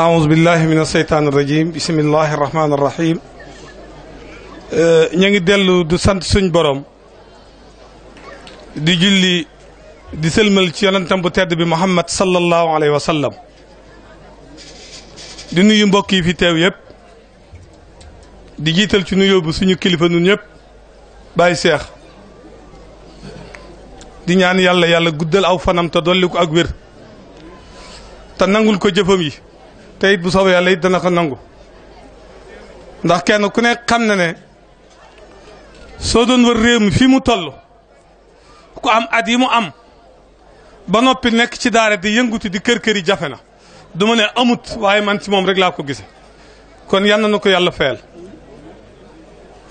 aouzu billahi min asheytaan irajim bisimillahi irrahmani irrahim ñu ngi dellu du sant suñ borom di julli di sëlmal ci yonentam bu tedd bi Muhammad sallallahu alayhi wa di nuyu mbokk yi fi teew yëpp di jiital ci nuyo bi suñu kilifa nun ñëpp bàyyi seex di ñaan yàlla yàlla guddal aw fanam te dolli ak wér te nangul ko jëfam yi te it bu soobee yàlla it dana ko nangu ndax kenn ku ne xam na ne soo doon wër réew mi fii mu toll ku am at yi mu am ba noppi nekk ci daara di yëngutu di kër kër yi jafe na du ma ne amut waaye man si moom rek laa ko gise kon yal na ko yàlla fayal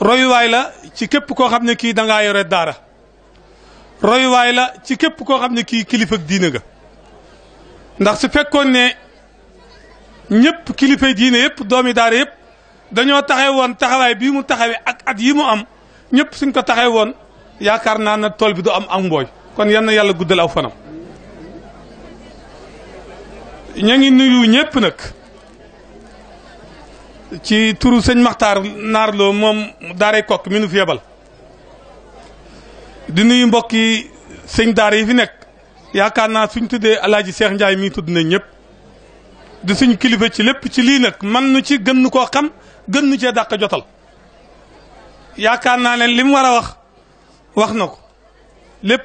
royuwaay la ci képp koo xam ne kii danga ngaa yore daara royuwaay la ci képp koo xam ne kii kilifa ak diine nga ndax su fekkoon ne. ñëpp kilifay diine yëpp doomi daara yëpp dañoo taxaw woon taxawaay bii mu taxawee ak at yi mu am ñëpp suñ ko taxaw woon yaakaar naa na tool bi du am am mbooy kon yan na yàlla guddal aw fanam ña ngi nuyu ñëpp nag ci turu sëñ Maxtaar Naarloo moom daaray kokk mi nu fi di nuyu mbokki sëñ daara yi fi nekk yaakaar naa suñ tuddee alaaji Seex Njaay mii tudd nañ ñëpp di suñ kilifa ci lépp ci lii nag man nu ci gën koo xam gën nu cee dàq jotal yaakaar naa ne li mu war a wax wax na ko lépp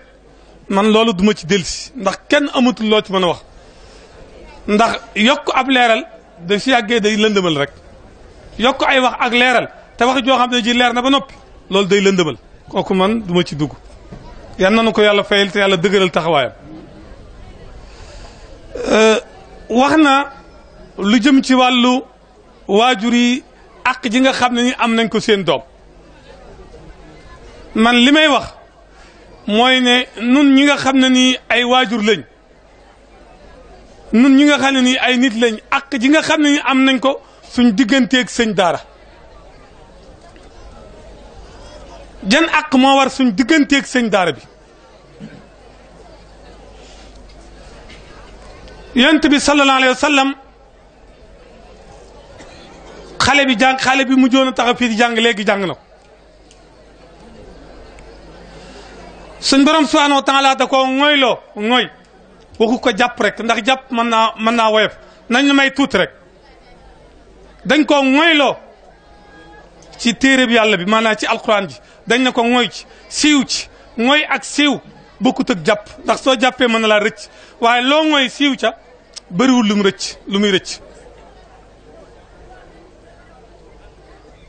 man loolu duma ci delsi ndax kenn amatul loo ci mën a wax ndax yokk ab leeral da si yàggee day lëndëmal rek yokk ay wax ak leeral te wax joo xam ne ji leer na ba noppi loolu day lëndëmal kooku man duma ci dugg yan nanu ko yàlla fayal te yàlla dëgëral taxawaayam euh, wax na lu jëm ci wàllu waajur yi ak ji nga xam na ni am nañ ko seen doom man li may wax mooy ne nun ñi nga xam na nii ay waajur lañ nun ñi nga xam ne nii ay nit lañ ak ji nga xam ne ni am nañ ko suñ digganteeg sëñ daara jan ak moo war suñ digganteeg sëñ daara bi yonent bi sallallahu alayhi wa sallam xale bi jàng xale bi mujjoon a taxa fii di jàng léegi jàng na ko suñ borom subhanahu wa taala da koo ŋooyloo ŋooy waxu ko jàpp rek ndax jàpp mën naa mën naa woyof nañ may tuuti rek dañ koo ŋooyloo ci téere bi yàlla bi maanaam ci alquran ji dañ na ko ŋooy ci siiw ci ŋooy ak siiw bokkut jàpp ndax soo jàppee mën na laa rëcc waaye loo ŋooy siiw ca bëriwul lu mu rëcc lu muy rëcc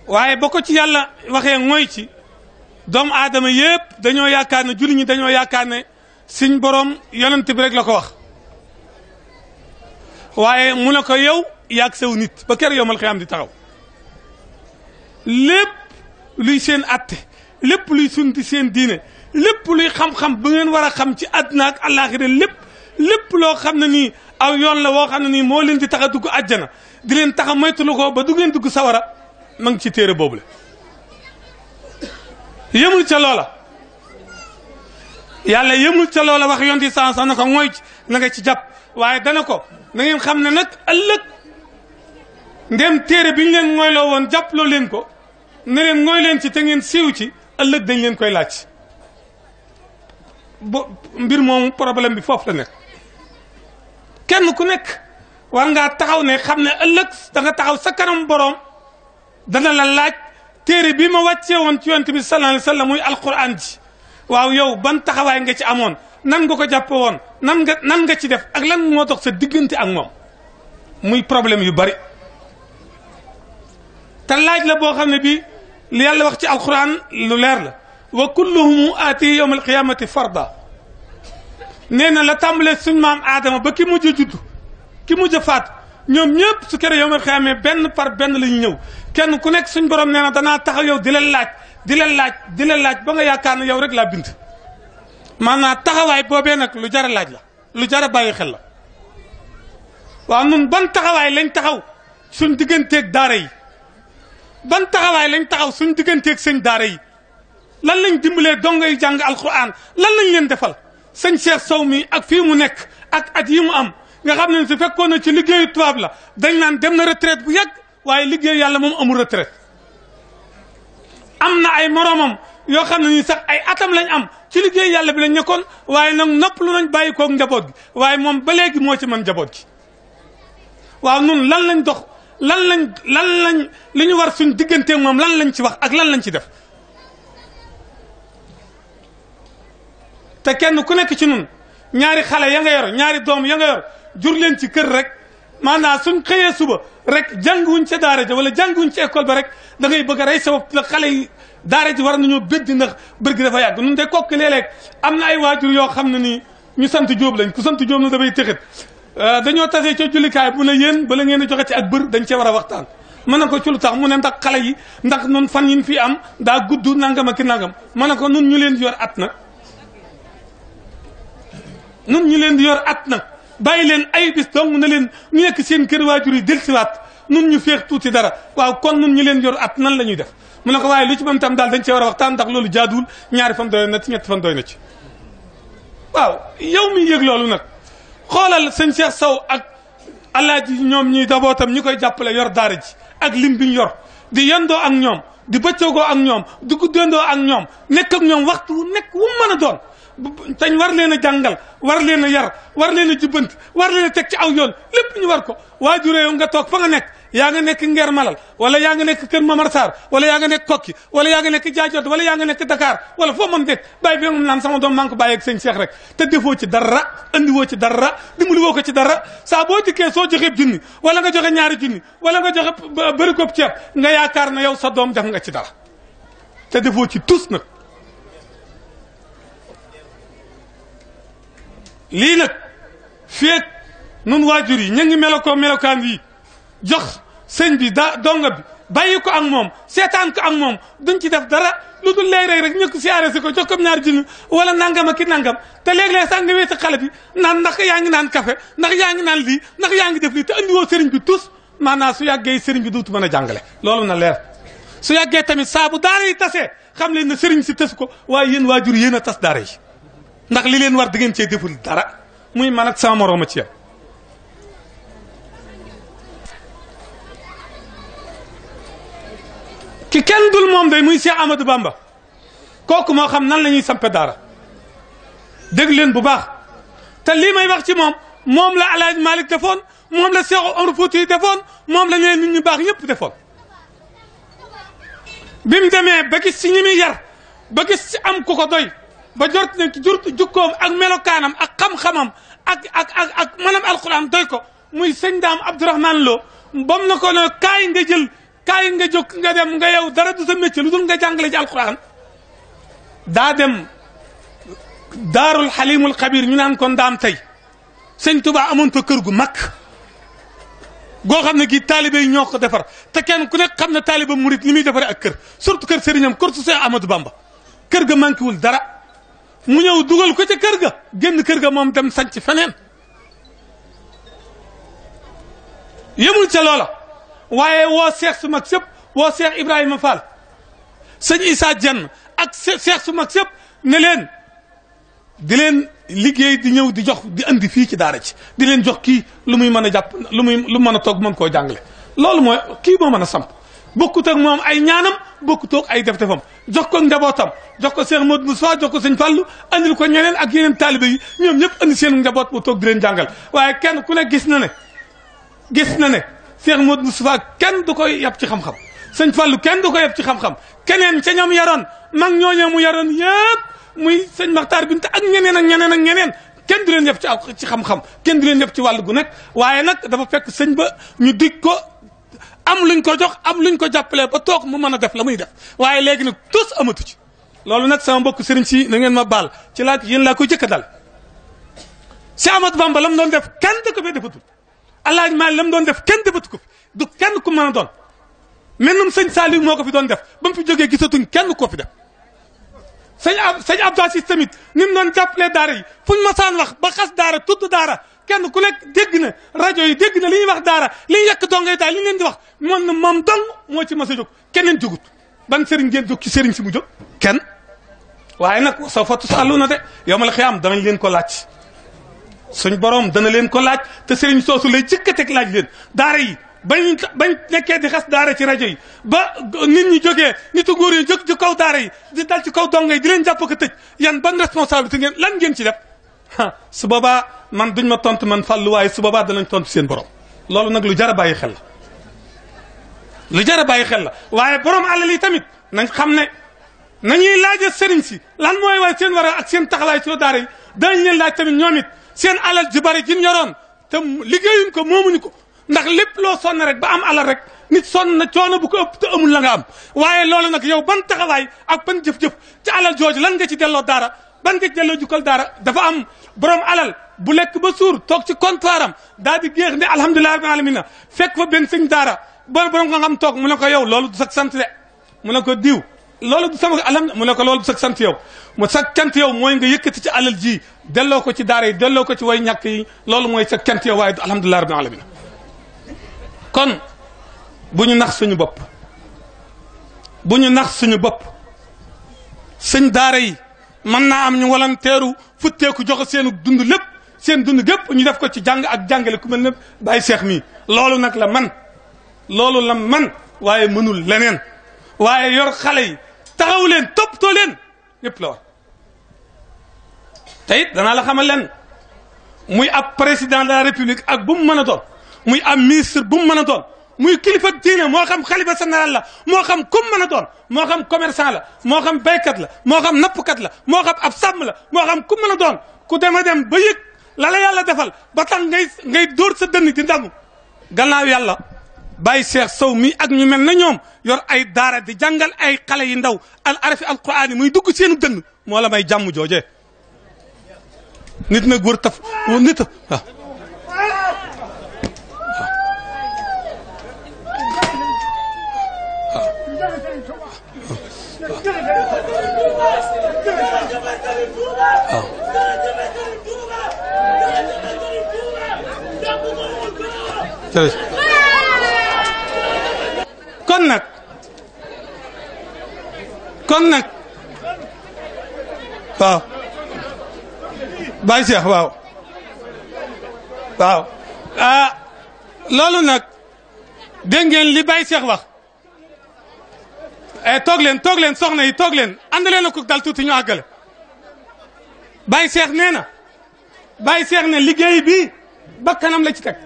waaye ba ko ci yàlla waxee mooy ci doomu aadama yëpp dañoo yaakaar ne jullit ñi dañoo yaakaar ne suñ borom yonent bi rek la ko wax waaye mu ne ko yow yaag sew nit ba ker yow mal xiyaam di taxaw lépp luy seen atte lépp luy sunti seen diine lépp luy xam-xam bu ngeen war a xam ci àdduna ak àllaaxira lépp lépp loo xam ne nii aw yoon la woo xam ne nii moo leen di tax a dugg àjjana di leen tax a moytu lu ko ba du ngeen dugg sawara ma ngi ci téere boobu la yëmul ca loola yàlla yëmul ca loola wax yonti san san na ko mooy na nga ci jàpp waaye dana ko na ngeen xam ne nag ëllëg ndem téere bi ñu leen mooyloo woon jàpploo leen ko ne leen leen ci te ngeen siiw ci ëllëg dañ leen koy laaj bo mbir moomu problème bi foofu la nekk kenn ku nekk war ngaa taxaw ne xam ne ëllëg danga taxaw sa kanam boroom dana la laaj téere bii ma wàccee woon ci yonent bi sallallahu alayhi wa sallam muy alquran ji waaw yow ban taxawaay nga ci amoon nan nga ko jàppe woon nan nga nan nga ci def ak lan moo tax sa diggante ak moom muy problème yu bari ta laaj la boo xam ne bi li la wax ci alquran lu leer la wa kulluhum aati yawm alqiyamati farda nee na la tàmbalee suñ aadama ba ki mujj a ki mujj a faatu ñoom ñëpp su kere yow ma xamee benn par benn lañu ñëw kenn ku nekk suñ borom nee na danaa taxaw yow di leen laaj di leen laaj di leen laaj ba nga yaakaar ne yow rek laa bind maanaam taxawaay boobee nag lu jar laaj la lu jar a bàyyi xel la waaw nun ban taxawaay lañ taxaw suñ digganteeg daara yi ban taxawaay lañ taxaw suñ digganteeg sëñ daara yi lan lañ dongo yi jàng alquran lan lañ leen defal sëñ Cheikh Sow mi ak fii mu nekk ak at yi mu am nga xam ne su fekkoon na ci liggéeyu tubaab la dañ naan dem na retraite bu yàgg waaye liggéey yàlla moom amul retraite am na ay moromam yoo xam ne sax ay atam lañ am ci liggéey yàlla bi lañ nekkoon waaye nag nopp lu nañ bàyyi koog njaboot gi waaye moom ba léegi moo ci mën njaboot gi waaw nun lan lañ dox lan lañ lan li ñu war suñ digganteeg moom lan lañ ci wax ak lan lañ ci def te kenn ku nekk ci nun ñaari xale ya yor ñaari doom ya nga jur leen ci kër rek maanaam suñ xëyee suba rek jànguwuñ ca daara ja wala jànguwuñ ci école ba rek da ngay bëgg a rey la xale yi daara ji war nañoo béddi ndax bërgi dafa yàgg nun de kokk léeg-léeg am na ay waajur yoo xam ne ni ñu sant jóob lañ ku sant jóob na dafay tëxit euh, dañoo tasee ca jullikaay mu ne yeen bala ngeen di joxe ci ak bër dañ cee war a waxtaan mën na ko ci lu tax mu ne ndax xale yi ndax nun fan yin fi am daa gudd nangam ak nangam mën na ko nun ñu leen yor at nag nun leen di yor at nag bàyyi leen ay bis dong na leen ñu nekk seen kër waajur yi delsiwaat nun ñu féex tuuti dara waaw kon nun ñu leen yor at nan la ñuy def mu ne ko waaye lu ci mën tam daal dañ cee war a waxtaan ndax loolu jaaduwul ñaari fan doy na ci ñetti fan doy na ci waaw yow mi yëg loolu nag xoolal sëñ Cheikh Sow ak alaaji ñoom ñi dabootam ñi koy jàppale yor daara ji ak lim bi yor di yendoo ak ñoom di bëccëgoo ak ñoom di guddendoo ak ñoom nekk ak ñoom waxtu nekk wu mën a tañ war leen a jàngal war leen a yar war leen a jubbant war leen a ci aw yoon lépp ñu war ko waajure yow nga toog fa nga nekk yaa nga nekk Ngeer Malal wala yaa nga nekk Kër Mamar Sarr wala yaa nga nekk Kokki wala yaa nga nekk Jaajot wala yaa nga nekk Dakar wala foo mën dégg bàyyi bi naan sama doom maa ngi ko bàyyi ak sëñ Cheikh rek te defoo ci dara andiwoo ci dara ko ci dara saa boo dikkee soo joxee junni wala nga joxe ñaari junni wala nga joxe bërikoob ceeb nga yaakaar na yow sa doom def nga ci dara ta defoo ci tus nag lii nag feeg nun waajur yi ñu ngi melokoo melokaan yi jox sëñ bi daa donga bi bàyyi ko ak moom seetaan ko ak moom duñ ci def dara lu dul léeg-léeg rek ñëkk siyaare si ko jox ko ñaar junni wala nangam ak ki nangam te léeg-léeg sax nga weesu xale bi naan ndax yaa ngi naan kafe ndax yaa ngi naan lii ndax yaa ngi def lii te andiwoo sëriñ bi tous maanaam su yàggee sëriñ bi duutu mën a jàngale loolu na leer su yàggee tamit saa bu daara yi tasee xam leen ne sëriñ si tas ko waaye yéen waajur yéen a tas daara ndax li leen war da ngeen cee deful dara muy man ak sama morooma ci yam ki kenn dul moom day muy Cheikh Amadou Bamba kooku moo xam nan la ñuy sampe daara dégg leen bu baax te lii may wax ci moom moom la alaaj Hadj Malick moom la Cheikh Omar Fouti defoon moom la ñeneen nit ñu baax ñëpp defoon. bi mu demee ba gis ci ñi yar ba gis ci am koko ko ba jort na ci jukkoom ak melokaanam ak xam ak ak ak ak maanaam alquran doy ko muy sëñ daam Abdourahman Lo bam na ko ne kaay nga jël kaay nga jóg nga dem nga yow dara du sa métier lu dul nga jàngale ci alquran daa dem daarul xalimul xabir ñu naan ko ndaam tey sëñ Tuba amoon fa kër gu mag goo xam ne kii taalibe yi ñoo ko defar te kenn ku nekk xam ne taaliba murit li muy defaree ak kër surtout kër sëriñam kër su see Bamba kër ga manqué wul dara mu ñëw dugal ko ca kër ga génn kër ga moom dem sanc feneen yemul ca loola waaye woo seex su mag sëpp woo seex Ibrahima Fall sëñ Issa Dieng ak seex su mag sëpp ne di leen liggéey di ñëw di jox di andi fii ci daara ci di leen jox kii lu muy mën a jàpp lu muy lu mën a toog mën koo jàngale loolu mooy kii moo mën a samp bokkut moom ay ñaanam bokk toog ay def defam jox ko njabootam jox ko Cheikh Modou Moussa jox ko sëñ Fallu andil ko ñeneen ak yeneen taalibe yi ñoom ñëpp andi seen njaboot bu toog di leen jàngal kenn ku ne gis na ne gis na ne Cheikh Modou Moussa kenn du ko yab ci xam-xam sëñ Fallu kenn du ko yab ci xam-xam keneen ca ñoom yaroon mag ñooñee mu yaroon yëpp muy sëñ Maxtaar Binta ak ñeneen ak ñeneen ak ñeneen kenn du leen yab ci ci xam-xam kenn du leen yab ci wàllu gu nekk waaye nag dafa fekk sëñ ba ñu dig ko am luñ ko jox am luñ ko jàppalee ba toog mu mën a def la muy def waaye léegi nag tos amatu ci loolu nag sama mbokk sëriñ si na ngeen ma baal ci laa yéen laa koy jëkk dal si Ahmadu Bamba lam doon def kenn da ko fee defatul Alaaji Maalik la mu doon def kenn defatu ko fi kenn ku mën a doon mennum sëñ Saaliw moo ko fi doon def ba mu fi jógee gisatuñ kenn koo fi def sëñ ab sëñ Abdou Aziz tamit ni mu doon jàppalee daara yi fuñ saan wax ba xas daara tudd daara kenn ku nekk dégg na rajo yi dégg na li ñuy wax daara li ñu yekk dongay daal li ñu leen di wax moom na moom dong moo ci mas a jóg keneen jógut ban sëriñ ngeen jog ci sëriñ si mu jóg kenn waaye nag sa fatu sa àllu na de yowmal xiyaam danañ leen ko laaj suñ borom dana leen ko laaj te sëriñ soosu lay jëkk a teg laaj leen daara yi bañ bañ nekkee di xas daara ci rajo yi ba nit ñi jógee nitu nguur yi jóg ci kaw daara yi di dal ci kaw dongo yi di leen jàpp ko tëj yan ban responsabilité ngeen lan ngeen ci def su boobaa man duñ ma tontu man fàllu waaye su boobaa dalañ tontu seen borom loolu nag lu jar a bàyyi xel la lu jar a bàyyi xel la waaye borom alal yi tamit nañ xam ne nañuy laaja sëriñ si lan mooy waaye seen war ak seen taxalaay ci la daara yi tamit ñoom it seen alal ju bari jin yoroon te liggéeyuñ ko moomuñu ko ndax lépp loo sonn rek ba am alal rek nit sonn na coono bu ko ëpp te amul la am waaye loolu nag yow ban taxawaay ak pan jëf-jëf ci alal jooju lan nga ci delloo daara ban nga jëlloo jukkal dara dafa am borom alal bu lekk ba suur toog ci comptoir am daal di géex ne alhamdulilah rabbil alamin fek fa benn sëñ daara ba borom nga xam toog mu ne ko yow loolu du sax sant de mu ne ko diw loolu du sama alam mu ne ko loolu du sax sant yow mu sax cant yow mooy nga yëkkati ci alal ji delloo ko ci daara yi delloo ko ci way ñàkk yi loolu mooy sax cant yow waaye du alhamdulilah rabbil alamin kon bu ñu nax suñu bopp bu ñu nax suñu bopp sëñ daara yi mën naa am ñu walanteeru futteeku jox seenu dund lépp seen dund gépp ñu def ko ci jàng ak jàngale ku mel ne bàyyi seex mi loolu nag la man loolu la man waaye mënul leneen waaye yor xale yi taxaw leen toppatoo leen yépp la war danaa la xamal leen muy ab président de la république ak bu mu mën a doon muy ab ministre bu mu mën a doon muy kilifa diine moo xam xalifa général la moo xam kum mën a doon moo xam commerçant la moo xam béykat la moo xam nappkat la moo xam ab sàmm la moo xam kum mën a doon ku dem a dem ba yëg la la defal ba tax ngay ngay dóor sa dënn di ndamu gannaaw yàlla bàyyi Cheikh Sow mi ak ñu mel na ñoom yor ay daara di jàngal ay xale yi ndaw al arafi al quraan muy dugg seenu dënn moo la may jàmm jooje nit nag wër taf nit waaw ah. Ah. waaw kon nag kon nag waaw Baye Cheikh waaw waaw ah loolu nag dégg ngeen li Baye Cheikh wax Eh, toog leen toog leen soxna yi toog leen ànd leen a ko dal tuuti ñu àggale Baye Cheikh nee na Baye Cheikh ne liggéey bi bakkanam la ci teg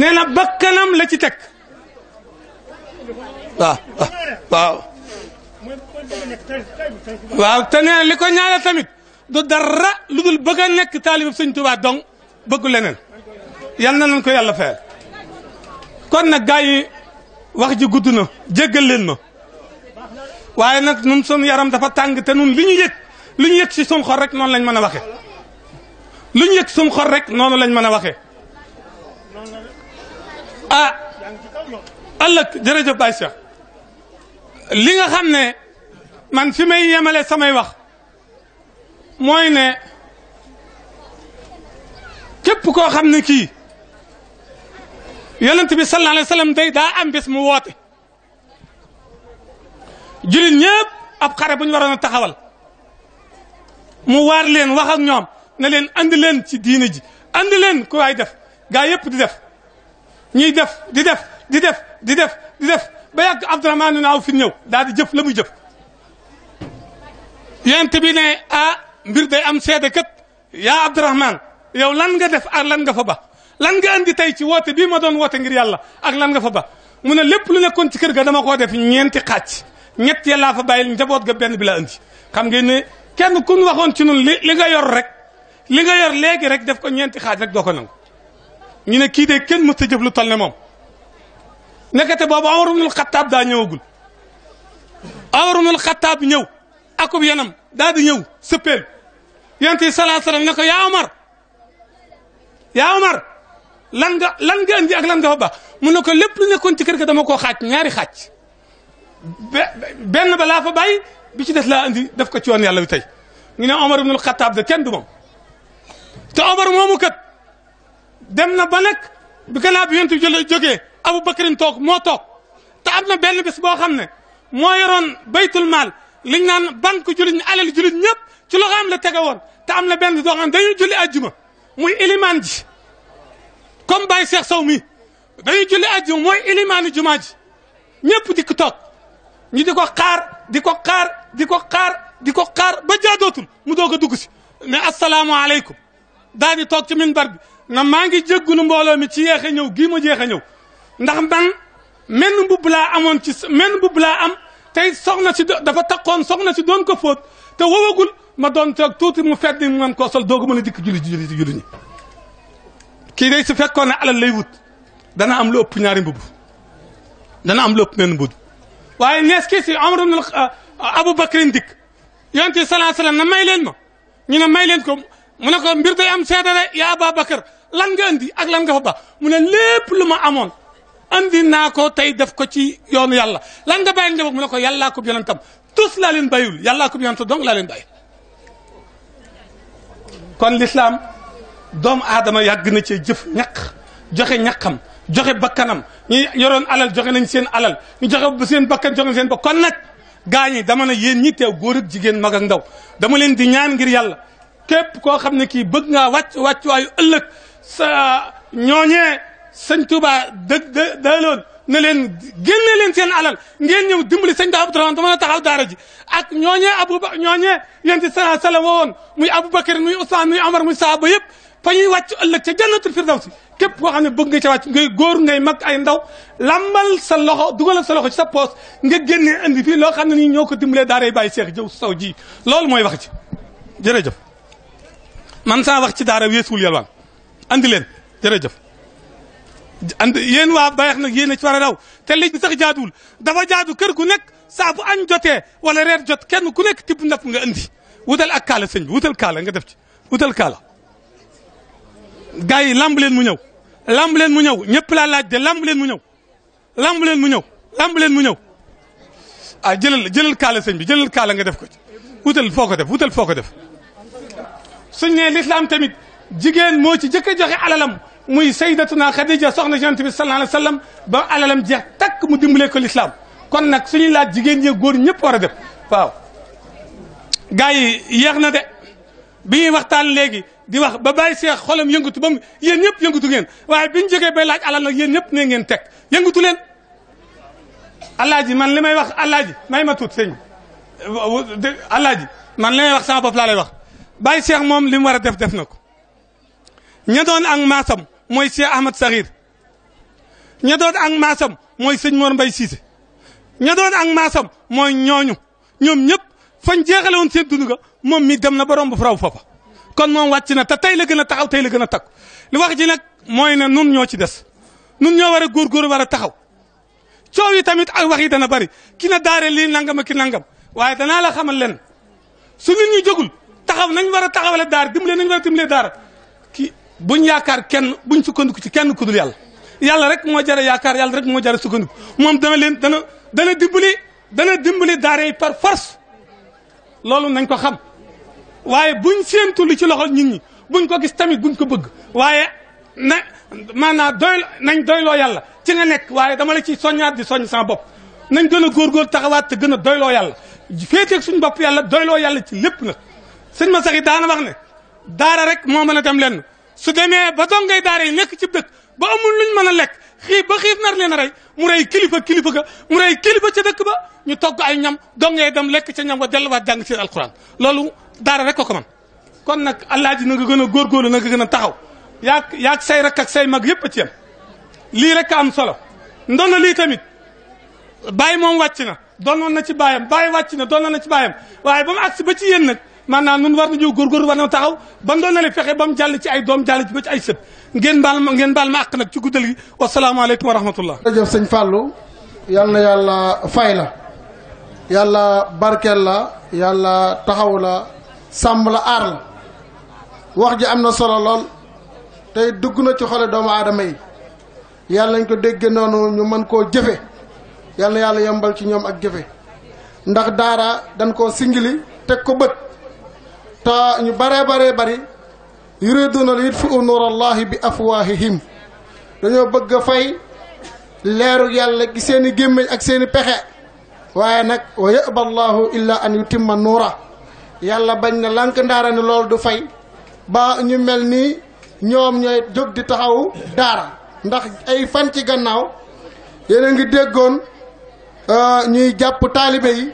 nee na bakkanam la ci teg waaw ah, ah, waaw waaw te li ko ñaala tamit du dara lu dul bëgg a nekk taalibu Sëñ dong bëggu leneen yal na nañ ko yàlla fayal kon nag gars wax ji gudd na jéggal leen ma waaye nag nun sun yaram dafa tàng te nun li ñu yëg lu ñu yëg si sun xor rek noonu lañ mën a waxe lu ñu yëg sun xor rek noonu lañ mën a waxe ah ëllëg jërëjëf Baye Cheikh li xam ne man fi may yemale samay wax mooy ne képp koo xam ne kii yonent bi sallallahu alayhi wa sallam day daa am bés mu woote jullit ñëpp ab xare bu ñu waroon a taxawal mu waar leen wax ñoom ne leen andi leen ci diine ji andi leen ku waay def gaa yépp di def ñuy def di def di def di def di def ba yàgg Abdurahmaan naaw fi ñëw daal di jëf la muy jëf yonent bi ne ah mbir day am seede kat yaa Abdurahmaan yow lan nga def ak lan nga fa ba lan nga andi tey ci woote bii ma doon woote ngir yàlla ak lan nga fa ba mu ne lépp lu nekkoon ci kër ga dama koo def ñeenti xàcc ñett yàllaa fa bàyyil njaboot ga benn bi la andi xam ngeen ne kenn kun waxoon ci nun li li nga yor rek li nga yor léegi rek def ko ñeenti xaaj rek doo ko nangu ñu ne kii de kenn mësta jëf lu tal ne moom nekkate boobu Omar ibnul Xattaab daa ñëwagul Omar ibnul Xattaab ñëw akub yanam daa di ñëw sëppeel yonent yi salaa salaam ne ko yaa Omar lan nga lan nga indi ak lan nga fa mu ne ko lépp lu nekkoon ci kër ga dama koo xaaj ñaari xaaj benn ba laa fa bàyyi bi ci des laa anji def ko ci yoon yàlla bi tey ñu ne Omar ibnul Xataab de kenn du moom te Omar moomu kat dem na ba nag bi gannaaw bi yonent bi jël jógee Abu Bakrin toog moo toog te am na benn bés boo xam ne moo yoroon baytul maal liñ naan banque jullit ñi alal jullit ñëpp ci loxo am la tege woon te am na benn doo xam ne dañuy julli àjjuma muy ilimaan ji comme Baye Cheikh Sow mi dañuy julli àjjuma mooy ilimaanu jumaa ji ñëpp di ko toog ñu di ko xaar di ko xaar di ko xaar di ko xaar ba jaadootul mu doog a dugg si ne asalaamaaleykum daal di toog ci minbar bi na maa ngi jéggulu mbooloo mi ci yeex a ñëw gii ma jeex a ñëw ndax man menn mbubb laa amoon ci menn mbubb laa am tey soxna si dafa taqoon soxna si doon ko fóot te wowagul ma doon toog tuuti mu fedd man koo sol doogu mën a dikk julli julli julli ñi kii day su fekkoon ne alal lay wut dana am lu ëpp ñaari mbubb dana am lu ëpp menn waaye nees kii si Omar ibn uh, Abu Bakrin dikk yonent na may leen ma ñu ne may leen ko mu ne ko mbir day am seedare yaa Aba Bakar lan andi ak lan fa ba mu ne lépp lu ma amoon andi naa ko tey def ko ci yoon yàlla lan nga bàyyi njaboot mu ne ko yàllaa ko yonentam tous laa leen bàyyiwul yàllaa ko yonentam donc laa leen bàyyi kon l'islam doomu aadama yàgg na cee jëf ñaq joxe ñaqam joxe bakkanam ñu yoroon alal joxe nañ seen alal ñu joxe seen bakkan joxe seen ba kon nag gaa ñi dama ne yéen ñi teew góor ak jigéen mag ak ndaw dama leen di ñaan ngir yàlla képp koo xam ne kii bëgg ngaa wàcc wàccuwaayu ëllëg sa ñooñee sëñ Tuubaa dëgg da daaloon ne leen génne leen seen alal ngeen ñëw dimbali sëñ Tuubaa Abdourahmane dama taxaw daara ji ak ñooñee Abu ñooñee yéen ci sala woon muy Aboubacar muy Ousmane muy amar muy saaba yëpp fa ñuy wàcc ëllëg ca jannatul firdawsi képp koo xam ne bëgg nga ca wàcc ngay góor ngay mag ay ndaw lambal sa loxo dugalal sa loxo ci sa poos nga génnee indi fii loo xam ne nii ñoo ko dimbalee daaray bàyyi seex jëw saw ji loolu mooy wax ci jërëjëf man saa wax ci daara weesuwul yalwaan andi leen jërëjëf and yéen waa bayax nag yéen a ci war a daw te li sax jaaduwul dafa jaadu kër gu nekk saa bu añ jotee wala reer jot kenn ku nekk tibb ndap nga indi wutal ak kaala sëñ wutal kaala nga def ci wutal kaala gars yi lamb leen mu ñëw lamb leen mu ñëw ñëpp laa laaj de lamb leen mu ñëw lamb leen mu ñëw lamb leen mu ñëw ah jëlal jëlal kaala sëñ bi jëlal kaala nga def ko ci wutal foo ko def wutel foo ko def suñ ne lislaam tamit jigéen moo ci jëkk a joxe alalam muy sayyidatuna Khadija soxna yonent bi sallallahu alayhi wa ba alalam jeex takk mu dimbalee ko lislaam kon nag suñuy laaj jigéen ñee góor ñëpp war a def waaw gars yéex na de bi ñuy waxtaan léegi di wax ba bàyyi seex xolam yëngatu ba mu yéen yëngatu ngeen waaye biñ jógee bay laaj alal na yéen ñëpp ne ngeen teg yëngatu leen alaaji man li may wax alaaji may ma tuut sëñ alaaji man li wax sama bopp laa lay wax bàyyi seex moom li mu war a def def na ko ña doon maasam mooy Cheikh Ahmad Saxiir ña doon maasam mooy sëñ Mor Mbay Siise ña doon maasam mooy ñooñu ñoom ñëpp fañ jeexale woon seen dund moom mi dem na ba romb faraw kon moom wàcc na te tey la gën a taxaw tey la gën a takku li wax ji nag mooy ne nun ñoo ci des nun ñoo war a góorgóorlu war a taxaw coow yi tamit ak wax yi dana bari ki na daare lii nangam ak ki nangam waaye danaa la xamal leen su nit yi jógul taxaw nañ war a taxawale daara dimbale nañ war a dimbale daara ki buñ yaakaar kenn buñ sukkandiku ci kenn ku dul yàlla rek moo jare yaakaar yàlla rek moo jare sukkandiku moom dana leen dana dana dimbali dana dimbali daara yi par force loolu nañ ko xam waaye buñ séentu li ci loxo nit ñi buñ ko gis tamit buñ ko bëgg waaye na naa doy nañ doyloo yàlla ci nga nekk waaye dama la ci soññaat di soññ sama bopp nañ gën a góorgóor taxawaat te gën a doyloo yàlla féeteeg suñu bopp yàlla doyloo yàlla ci lépp nag sëñ ma sax yi daana wax ne daara rek moo mën a dem lenn su demee ba dongay daara yi nekk ci dëkk ba amul luñ mën a lekk xiif ba xiif nar leen a mu rey kilifa kilifa ga mu rey kilifa ca dëkk ba ñu togg ay ñam dongay dem lekk ca ñam wa delluwaat jàng ci alquran daara rek ko ko man kon nag alaaji na nga gën a góorgóorlu na nga gën a taxaw yaag yaag say rakk ak say mag yëpp a ci yam lii rek am solo ndono lii tamit bàyyi moom wàcc na doonoon na ci bàyyam bàyyi wàcc na doonoon na ci bàyyam waaye ba mu agsi ba ci yéen nag maanaam nun war nañu góorgóorlu war na taxaw ba ndoon na le ba mu jàll ci ay doom jàll ci ba ci ay sët ngeen baal ma ngeen baal nag ci guddal gi wasalaamaaleykum wa rahmatullah jërëjëf sëñ Fallou na yàlla fay la yàlla la yàlla taxaw sàmm la aar la wax ji am na solo lool tey dugg na ci xole doomu aadama yi yàlla nañ ko dégg noonu ñu mën koo jëfe yàlla yàlla yombal ci ñoom ak jëfe ndax daara dañ koo singili teg ko bët te ñu baree bare bari yuriduna li yutfiu nuurallahi bi afwaahihim dañoo bëgg a fay leeru yàlla gi seeni i gémmiñ ak seeni pexe waaye nag wa yaba allahu illa an yutimma nuura yàlla bañ na lank ndaara ni loolu du fay ba ñu mel nii ñoom ñooy jóg di taxawu daara ndax ay fan ci gannaaw yéen a ngi déggoon euh, ñuy jàpp taalibe yi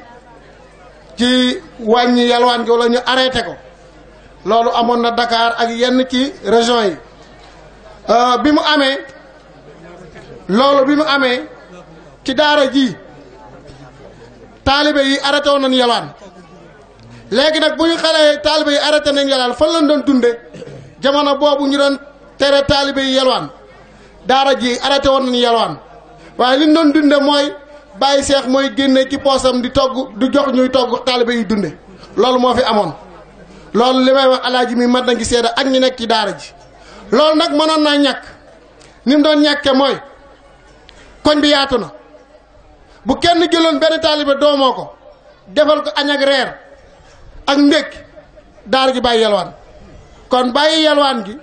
ci wàññi yalwaan gi wala ñu arrêté ko loolu amoon na dakaar ak yenn ci région yi euh, bi mu amee loolu bi mu amee ci daara ji taalibe yi arrêté woon nañu yalwaan léegi nag bu ñu xale taalibe yi arrêté nañ yelwaan fan lañ doon dunde jamono boobu ñu doon tere taalibe yi yelwaan daara ji arrêté woon nañu yelwaan waaye li doon dunde mooy bàyyi seex mooy génne ci poosam di togg di jox ñuy togg taalibe yi dunde loolu moo fi amoon loolu li may wax alaaji mi mat na ngi seeda ak ñi nekk ci daara ji loolu nag mënoon naa ñàkk ni mu doon ñàkke mooy koñ bi yaatu na bu kenn jëloon benn taalibe doomoo ko defal ko añ reer ak ndékki daara gi bàyyi yalwaan kon bàyyi yalwaan gi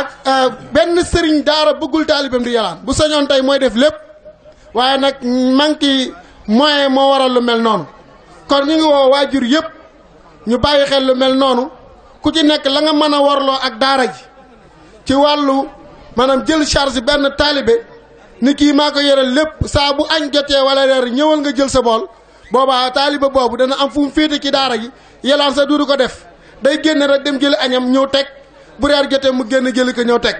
ak euh, benn sëriñ daara bëggul taalibam di yalwaan bu sañoon tey mooy def lépp waaye nag manki moyen moo waral lu mel noonu kon ñu ngi woo waajur yëpp ñu bàyyi xel lu mel noonu ku ci nekk la nga mën a warloo ak daara ji ci wàllu maanaam jël charge benn taalibe ni kii maa ko yore lépp saa bu añ jotee wala reer ñëwal nga jël sa bool booba taalibe boobu dana am fu mu féete ci daara ji yelaan sa duudu ko def day génn rek dem jëli añam ñëw teg bu reer jotee mu génn jëli ko ñëw teg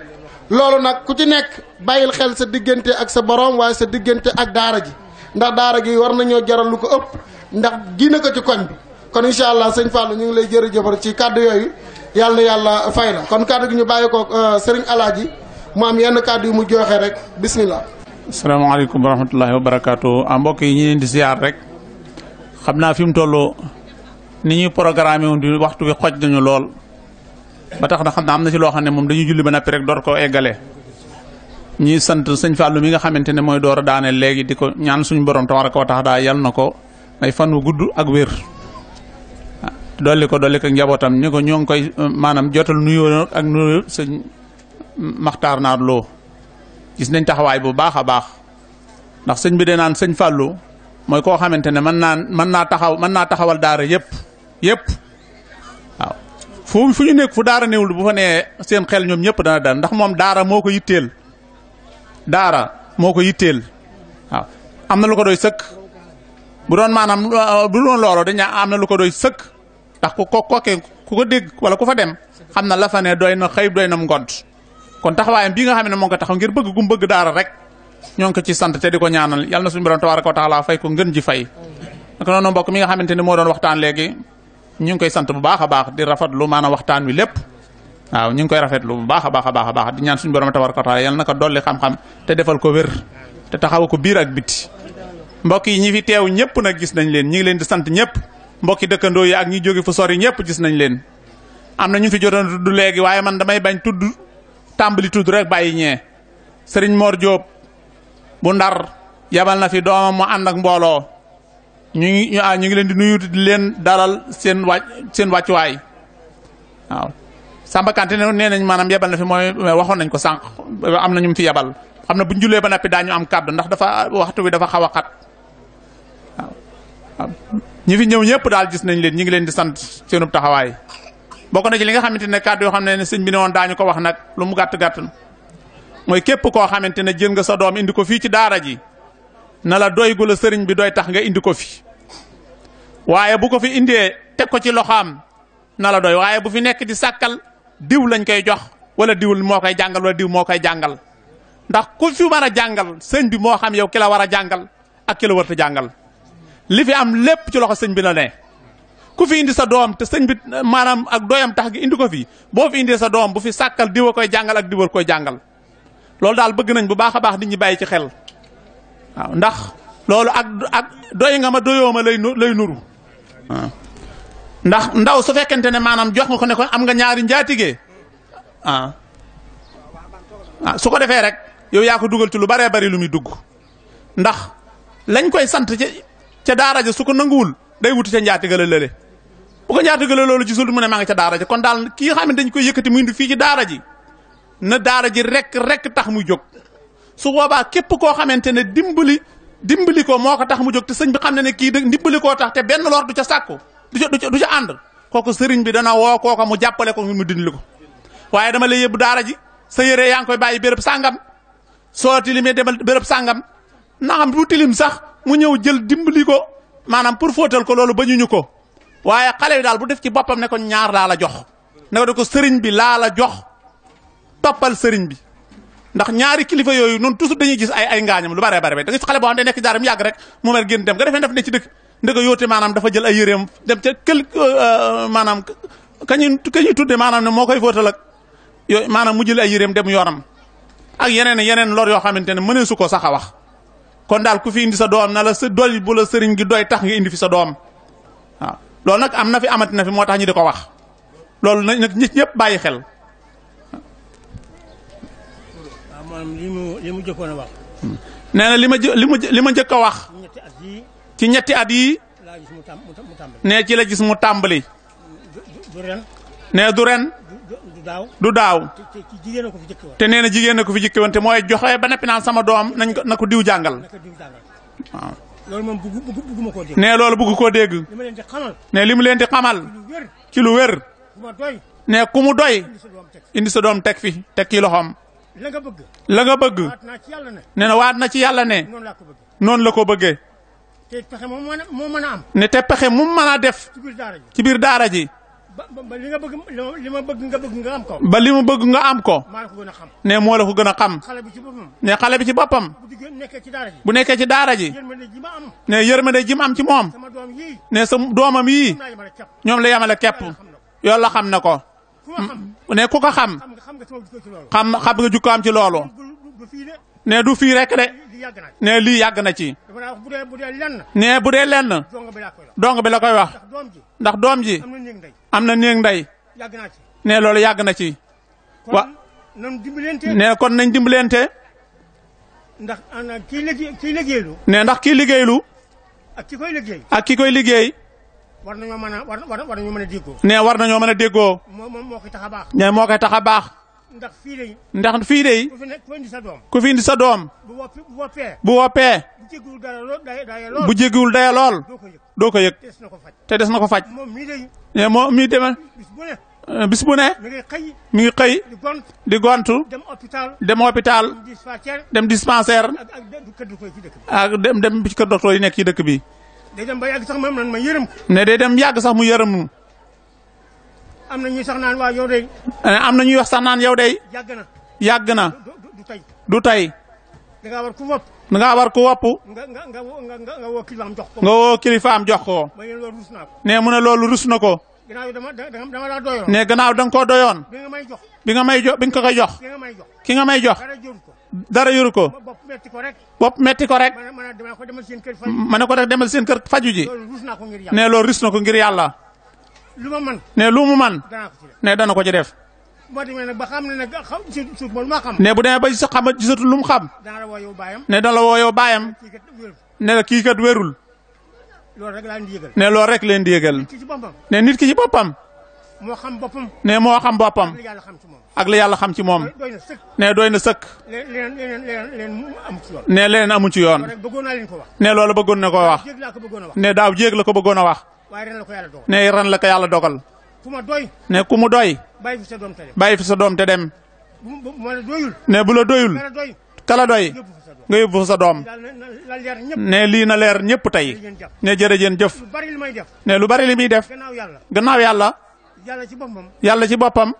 loolu nag ku ci nekk bàyyil xel sa diggante ak sa borom waaye sa diggante ak daara ji ndax daara gi war nañoo jaral lu ko ëpp ndax gina ko ci koñ bi kon incha allah sëñ Fallou ñu ngi lay jërëjëfal ci kàddu yooyu yàlla na yàlla fay la kon kàddu gi ñu bàyyi ko euh, sëriñ ji mu am yenn kàddu yi mu joxe rek bismillah asalaamaaleykum wa rahmatullahi wa barakaatu ah, yi ñu leen di ziar rek xam naa fi mu toll nit ñuy programme woon waxtu wi xoj nañu lool ba tax na xam na am na ci loo xam ne moom dañuy julli ba noppi rek door ko eggale ñuy sant sëñ Fallou mi nga xamante ne mooy door a daaneel léegi di ko ñaan suñu borom tabaraka wa tax yal na ko ay fan wu gudd ak wér dolli ko dolli njabootam ñu ko ñoo ngi koy maanaam jotal nuyoo ak nuyoo sëñ Maxtaar Naar Lo gis nañ taxawaay bu baax a baax ndax sëñ bi de naan sëñ Fallou mooy koo xamante ne mën naa mën naa taxaw mën naa taxawal daara yépp yépp waaw fu fu ñu nekk fu daara néewul bu fa nee seen xel ñoom ñëpp dana dal ndax moom daara moo ko yitteel daara moo ko yitteel waaw am na lu ko doy sëkk bu doon maanaam uh, bu doon looloo dañ am na lu ko doy sëkk ndax ku ko kookee ku ko dégg wala ku fa dem xam na la fa ne doy na xëyb doy na ngont kon tax taxawaayam bii nga xam ne moo ko taxaw ngir bëgg gu bëgg daara rek ñoo ngi ko ci sant te di ko ñaanal yàlla na suñu borom tabaaraka wa taala fay ko ngën ji fay. ak noonu mbokk mi nga xamante ni moo doon waxtaan léegi. ñu ngi koy sant bu baax a baax di rafetlu maanaam waxtaan wi lépp waaw ñu ngi koy rafetlu bu baax a baax a baax a baax di ñaan suñu borom tabaraka taala yal na ko dolli xam-xam te defal ko wér te taxaw ko biir ak biti mbokk yi ñi fi teew ñëpp nag gis nañ leen ñu ngi leen di sant ñëpp mbokki dëkkandoo yi ak ñi jóge fu sori ñëpp gis nañ leen am na ñu fi jotoon tudd léegi waaye man damay bañ tudd tàmbali tudd rek bàyyi ñee sëriñ moor jóob bu Ndar yabal na fi doomam mu ànd ak mbooloo ñu ngi ah, ñu ngi leen di nuyu di leen dalal seen wàcc seen wàccuwaay waaw Samba Kanté nee nañ maanaam yebal na fi mooy waxoon nañ ko sànq am na ñu fi yebal xam na bu ñu ba noppi daañu am kàddu ndax dafa waxtu bi dafa xaw a xat waaw ñi fi ñëw ñëpp daal gis nañ leen ñu ngi leen di sant seenub taxawaay bokk na ci li nga xamante ne kàddu yoo xam ne seen bi ne woon daañu ko wax nag lu mu gàtt gàtt mooy képp koo xamante ne jël nga sa doom indi ko fii ci daara ji. na la doy gu la sëriñ bi doy tax nga indi ko fi waaye bu ko fi indee teg ko ci loxoam na la doy waaye bu fi nekk di sàkkal diw lañ koy jox wala diwul moo koy jàngal wala diw moo koy jàngal ndax ku fi mën a jàngal sëñ bi moo xam yow ki war a jàngal ak ki la warta jàngal li fi am lépp ci loxo sëñ bi la ne ku fi indi sa doom te sëñ bi maanaam ak doyam tax gi indi ko fi boo fi indee sa doom bu fi sàkkal diw koy jàngal ak diw koy jàngal loolu daal bëgg nañ bu baax a baax nit ñi bàyyi ci xel waaw ndax loolu ak ak doy nga ma doyoo ma lay lay nuru ndax ndaw su fekkente ne maanaam jox nga ko ne ko am nga ñaari njaatige ah su ko defee rek yow yaa ko dugal ci lu baree bari lu muy dugg ndax lañ koy sant ca ca daara ja su ko nanguwul day wuti ca njaatige la lële bu ko njaatige loolu loolu gisul mu ne maa nga ca daara ja kon daal kii xam ne dañ koy yëkkati muy indi fii ci daara ji na daara ji rek rek tax muy jóg. su boobaa képp koo xamante ne dimbali dimbali ko moo ko tax mu jog te sëñ bi xam na ne kii dimbali koo tax te benn lor du ca sàkku du ca du ca du ca ànd kooku sëriñ bi dana woo kooka mu jàppale ko mu dindli ko waaye dama lay yëbbu daara ji sa yére yaa ngi koy bàyyi béréb sàngam soo tilimee demal béréb sàngam na xam bu tilim sax mu ñëw jël dimbali ko maanaam pour fóotal ko loolu ba bañuñu ko waaye xale bi daal bu def ci boppam ne ko ñaar laa jox ne ko da ko sëriñ bi laa la jox toppal sëriñ bi ndax ñaari kilifa yooyu noonu toujours dañuy gis ay ay ngaañam lu bare bare ba da xale boo xam ne nekk daaram yàgg rek mu mer génn dem nga defee daf ne ci dëkk ndëka yóote maanaam dafa dem ca kël euh, euh, maanaam kañuy kañuy tudde maanaam ne moo koy fóotal ak yooyu maanaam mu jël ay yëreem dem yoonam ak yeneen yeneen lor yoo xamante ne mëneesu ko sax a wax kon daal ku fi indi sa doom na la sa doy bu la sëriñ gi doy tax nga indi fi sa doom waaw loolu nag am na fi amati fi moo tax ñu di ko wax loolu nag ñëpp bàyyi xel maanaam li mu li mu jëkkoon wax. Hmm. na li ma jë li ma li ma njëkk a wax. ci ñetti at yii. nee ci la gis mu tàmbali. nee du ren. du daaw du daaw. te nee na jigéen na ko fi jëkki woon te mooy joxe ba neppi naan sama doom nañ ko na ko diw jàngal. waaw. loolu moom bëgguma koo dégg. nee lool bëgg koo dégg. li mu leen di xamal. li mu leen di xamal. ci lu wér. nee ku mu doy. indi sa doom teg fi teg ci loxoom. la nga bëgg. la nga bëgg. nee na waat na ci yàlla ne. noonu la ko bëggee. te pexe mu mën am. ne te pexe mu mën a def. ci biir daara ji. ba ba li nga bëgg li ma bëgg nga bëgg nga am ko. ba li mu bëgg nga am ko. maa la a xam. ne moo la ko gën a xam. xale bi ci boppam. ne xale bi ci boppam. bu nekkee ci daara ji. bu nekkee ci daara ji. yërmande ji ma am. ne yërmande ji ma am ci moom. ne sa doomam yii. ñoom la yamale képp. yoon la xam na ko. ne ku ko xam xam xam nga jukkaam ci loolu ne du fii rek de ne lii yàgg na ci ne bu dee lenn dong bi la koy wax ndax doom ji am na néeg ndey ne loolu yàgg na ci wa ne kon nañ dimbalante ndax kii liggéeylu ne ndax kii liggéeylu ak ki koy liggéey war nañoo mën a war nañoo mën a déggoo. nee war nañoo mën a déggoo. moom moo koy baax. nee moo koy tax a baax. ndax fii ndax fii de. ku fi ne ku indi sa doom. ku fi indi sa doom. bu wo bu woppee. bu woppee. daya lool. bu doo ko yëg. te des na ko faj. te des na ko faj. moom mii de. nee moom mii demee. Eh, bis bu ne. mi ngi xëy. mi ngi xëy. di gont. di gontu. dem hôpital. dem hôpital. dem dispensaire. dem dispensaire. ak dem dem ci kër docteur yi nekk ci dëkk bi. day dem ba sax moom nan ma yërëm ko. ne day dem yàgg sax mu yërëm nu. am na ñuy sax naan waa yow de. Eh, am na ñuy wax sax naan yow de. yàgg na yàgg na. du tey du tey. da ngaa war ku wopp. da ngaa war ku wopp. nga nga nga nga woo kilifaam jox ko. nga woo kilifaam jox ko. ma ne loolu rus loolu rus na ko. gannaaw dama dama daa doyoon. ne gannaaw da nga koo doyoon. bi nga may jox bi nga may jox bi ko koy jox. ki nga may jox. dara dara yoru ko bopp metti ko rek ma ne ko rek demal seen kër faju ji ne loolu rus na ko ngir yàlla ne lu mu man ne dana ko ci def ne bu demee ba sa xam gisatu lu mu xam ne dala woo yow baayam ne la kii kat wérul ne loolu rek leen di yëgal ne nit ki ci boppam moo xam boppam ne moo xam boppam ak la yàlla xam ci moom ne doy na sëkk ne leneen amu ci yoon ne loolu bëggoon na ko wax ne daaw jéeg la ko bëggoon a wax ne ren la ko yàlla dogal ne ku mu doy bàyyi fi sa doom te dem ne bu la doyul kala doy nga yóbbu fa sa doom ne lii na leer ñëpp tey ne jërëjeen jëf ne lu bari li muy def gannaaw yàlla yàlla ci boppam. yàlla ci boppam.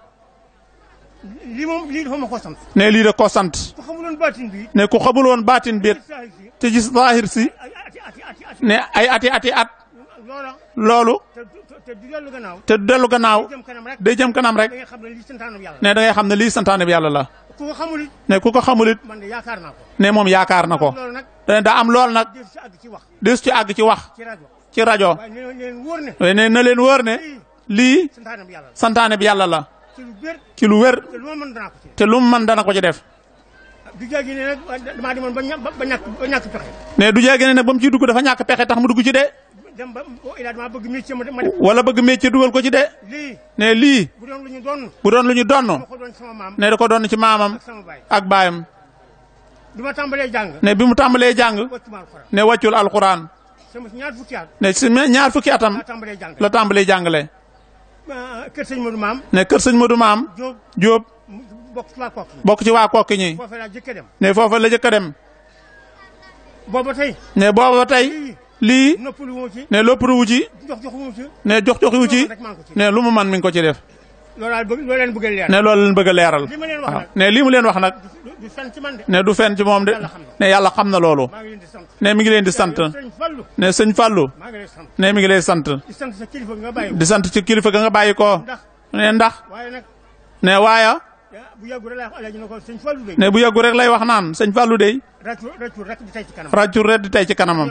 lii moom lii dafa ko sant. ne lii da ko sant. ku xamuloon baatin bi. ne ku xamuloon baatin bi te gis zaahir si. ne ay ati ati at. loolu. te du dellu gannaaw. te du dellu gannaaw. day jëm kanam rek. ne da ngay xam ne lii santaane bi yàlla la. ku ko ne ku ko xamul it. man yaakaar naa ko. ne moom yaakaar na ko. da daa am lool nag. des ci àgg ci wax. ci rajo. ci rajo. waaye nee na leen wóor ne. lii santaane bi yàlla la ci lu wér te lu mu mën dana ko ci def. du jéggi ne nag demoon ba ñàkk ba ñàkk pexe. mais du jéggi ne nag ba mu ciy dugg dafa ñàkk pexe tax mu dugg ci de. dem ba oh, damaa bëgg métier ma wala bëgg métier dugal ko ci de. lii ne lii. bu doon lu ñu donn. bu doon lu ñu donn. ne da ko doon ci maamam. ak baayam. bi ma tàmbalee jàng. ne bi mu tàmbalee jàng. ne wàccul alxuraan. ne si ñaar fukki atam. la tàmbalee jàngale. Euh, kër sëñ Modou Maam. ne kër sëñ Modou Maam. Diop Diop. bokk ci waa Kokki ñi. bokk ci waa Kokki ñi. foofa la jëkk dem. ne foofa la jëkk a dem. booba tey. ne tey. lii ne loppalu wu ci. ne jox jox wu ci. ne lu mu man mi ko ci def. loolu leen bëgg a leeral. ne loolu leen bëgg a leeral. ne lii mu leen wax nag. ne du fen ci moom de ne yàlla xam na loolu ne mi ngi leen di sant ne sëñ Fallou ne mi ngi lay sant di sant ci kilifa ga nga bàyyi ko ne ndax ne waaye ne bu yàggu rek lay wax naan sëñ Fallou dey ràccul rek di tey ci kanamam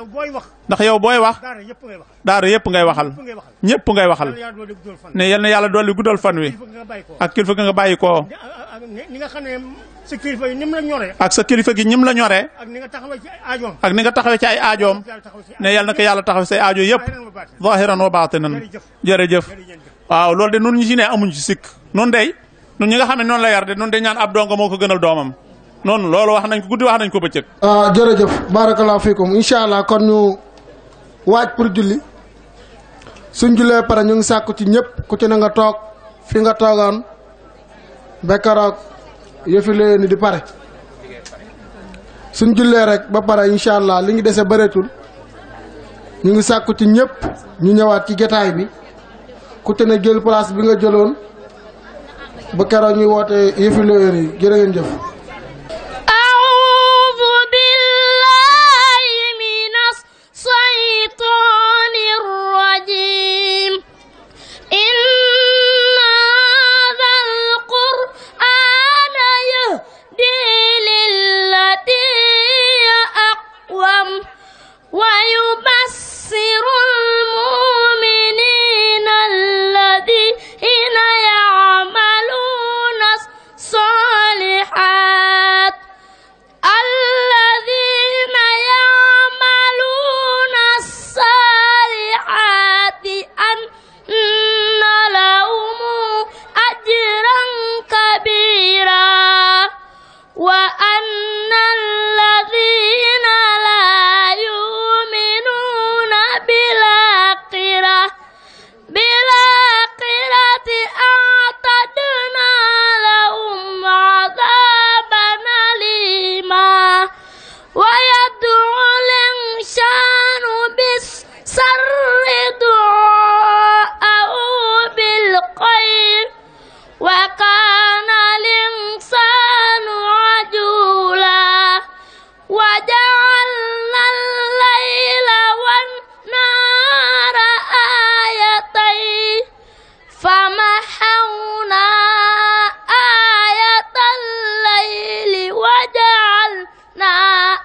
ndax yow booy wax daara yëpp ngay waxal ñëpp ngay waxal ne yal na yàlla dolli guddal fan wi ak kilifa ga nga bàyyi ko. sa kilifa gi ñim la ñoree. ak sa kilifa gi ñim la ñoree. ak ni nga taxawee ci ay aajoom. ak ni nga taxawee ci ay aajoom. ne yàlla na ko yàlla taxaw say aajo yëpp. zahiran wa baatinan jërëjëf waaw loolu de nun ñi ci ne amuñ ci sikk nun dey nun ñi nga xam ne noonu la yar de nun de ñaan ab dongo moo ko gënal doomam noonu loolu wax nañ ko guddi wax nañ ko bëccëg. Ah, jërëjëf barakallahu fiikum incha allah kon ñu waaj pour julli suñ jullee pare ñu ngi sàkku ci ñëpp ku ci na nga toog fi nga toogoon ba keroog yëfi Léoni di pare suñ jullee rek ba pare incha allah li ngi dese bëreetul ñu ngi sàkku ci ñëpp ñu ñëwaat ci jotaay bi ku te ne jël place bi nga jëloon ba keroog ñuy woote yëfi Léoni yi jërë ngeen jëf أثناء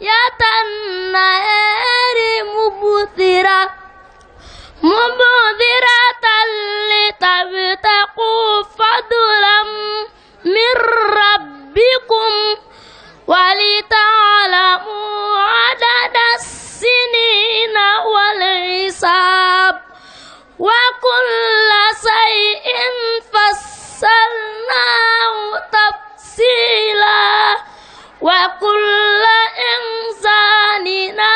آية النهار مبصرة مبصرة لتبتقوا فضلا من ربكم ولتعلموا عدد السنين والحساب وكل شيء فصلناه تفصيلا وكل إنسان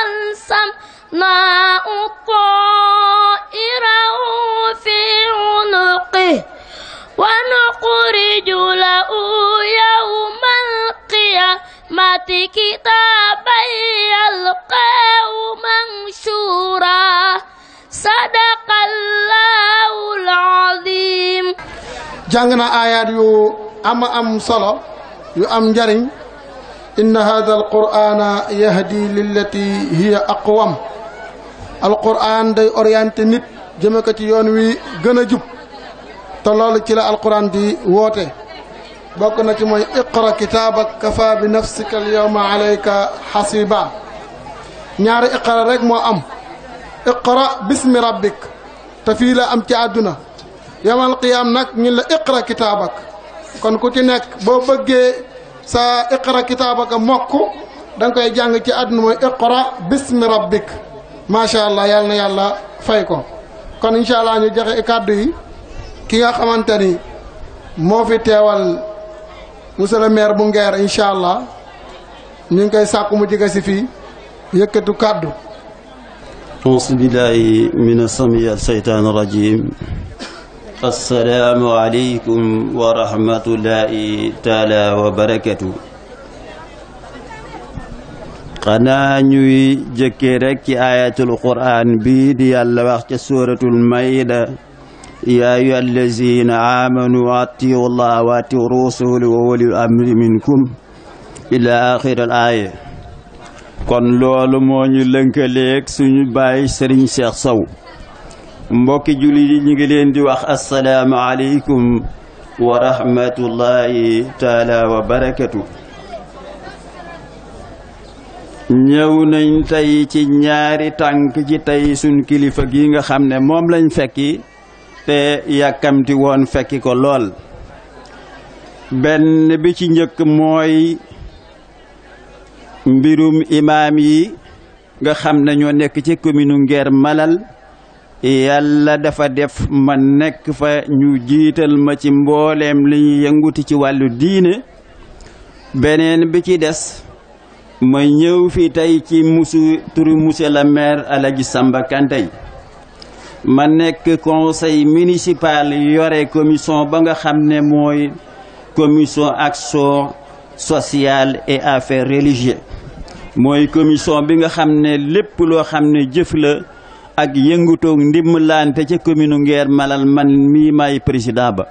ألزمناه طائره في عنقه ونخرج له يوم القيامة كتابا يلقاه منشورا صدق الله العظيم jàng na aayaat yu am am solo yu am njariñ إن هذا القرآن يهدي للتي هي أقوم القرآن day orienté nit jëme ko ci yoon wi gën a jub te loolu ci la alquran di woote bokk na ci mooy iqra kitaabak kafa bi nafsika alyawma alayka xasiba ñaari iqra rek moo am iqra bismi rabbik te fii la am ci àdduna yawmal qiyaam nag ñun la iqra kitaabak kon ku ci nekk boo bëggee sa iqra kitaabaka mokk da koy jàng ci àdduna mooy iqra bismi rabbik macha allah yal na yàlla fay ko kon incha allah ñu joxe kàddu yi ki nga xamante ni moo fi teewal monsieur le maire bu ngeer incha allah ñu ngi koy sàkku mu jiga si fii yëkkatu kàddu auzu billaahi mina samiya seytaani rajiim assalaamu aleykum wa taala wa barakatu xanaa ñuy jëkkee rekk ci ayatul quraan bii di yàlla wax ca suuratul mayda yaa ayyuha allazina aamanu atiu llah wa wa ulil amri minkum ila axiral aaya kon loolu moo ñu lënkaleeg suñu bàyyi sëriñ Cheikh Sow mbokki jullit yi ñu ngi leen di wax assalaamu aleykum wa rahmatullahi taala wa nañ tey ci ñaari tànk ci tey suñ kilifa gi nga xam ne moom lañu fekki te yàkkamti woon fekki ko lool benn bi ci njëkk mooy mbirum imaam yi nga xam ne nekk ci commune Nguer Malal yàlla dafa def ma nekk fa ñu jiital ma ci mbooleem li ñu yënguti ci wàllu diine beneen bi ci des ma ñëw fi tey ci musu turu monsieur le maire Alaji Samba Kanté ma nekk conseil municipal yore commission ba nga xam ne mooy commission action sociale et affaires religieuses mooy commission bi nga xam ne lépp loo xam ne jëf la ak yëngutoog ndimbalante ca commune Nguer Malal man mii maay président ba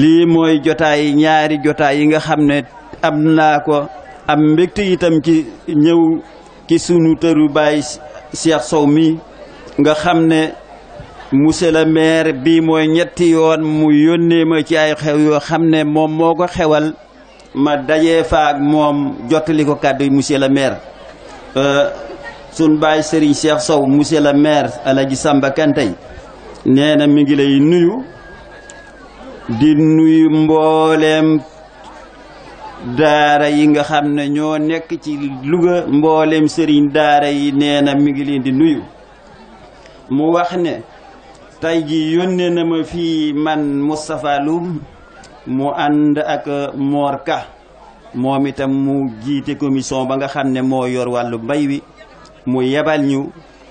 lii mooy jotaay ñaari jotaay yi nga xam ne am naa ko am mbégte itam ci ñëw ci sunu tëru baay Cheikh Sow mi nga xam ne monsieur le maire bii mooy ñetti yoon mu yónnee ma ci ay xew yoo xam ne moom moo ko xewal ma dajee fa ak moom jottali ko kàddu monsieur le maire euh, sun baay Serigne Cheikh Sow monsieur la maire Alaji Samba Kantey nee mi ngi lay nuyu di nuyu mbooleem daara yi nga xam ne ñoo nekk ci luga mboolem sëriñ daara yi neena mi ngi leen di nuyu mu wax ne tey ji yónnee na ma fii man Moustapha mu ànd ak Mor Ka moom itam mu jiite commission ba nga xam ne moo yor wàllu mbay wi mu yebal ñu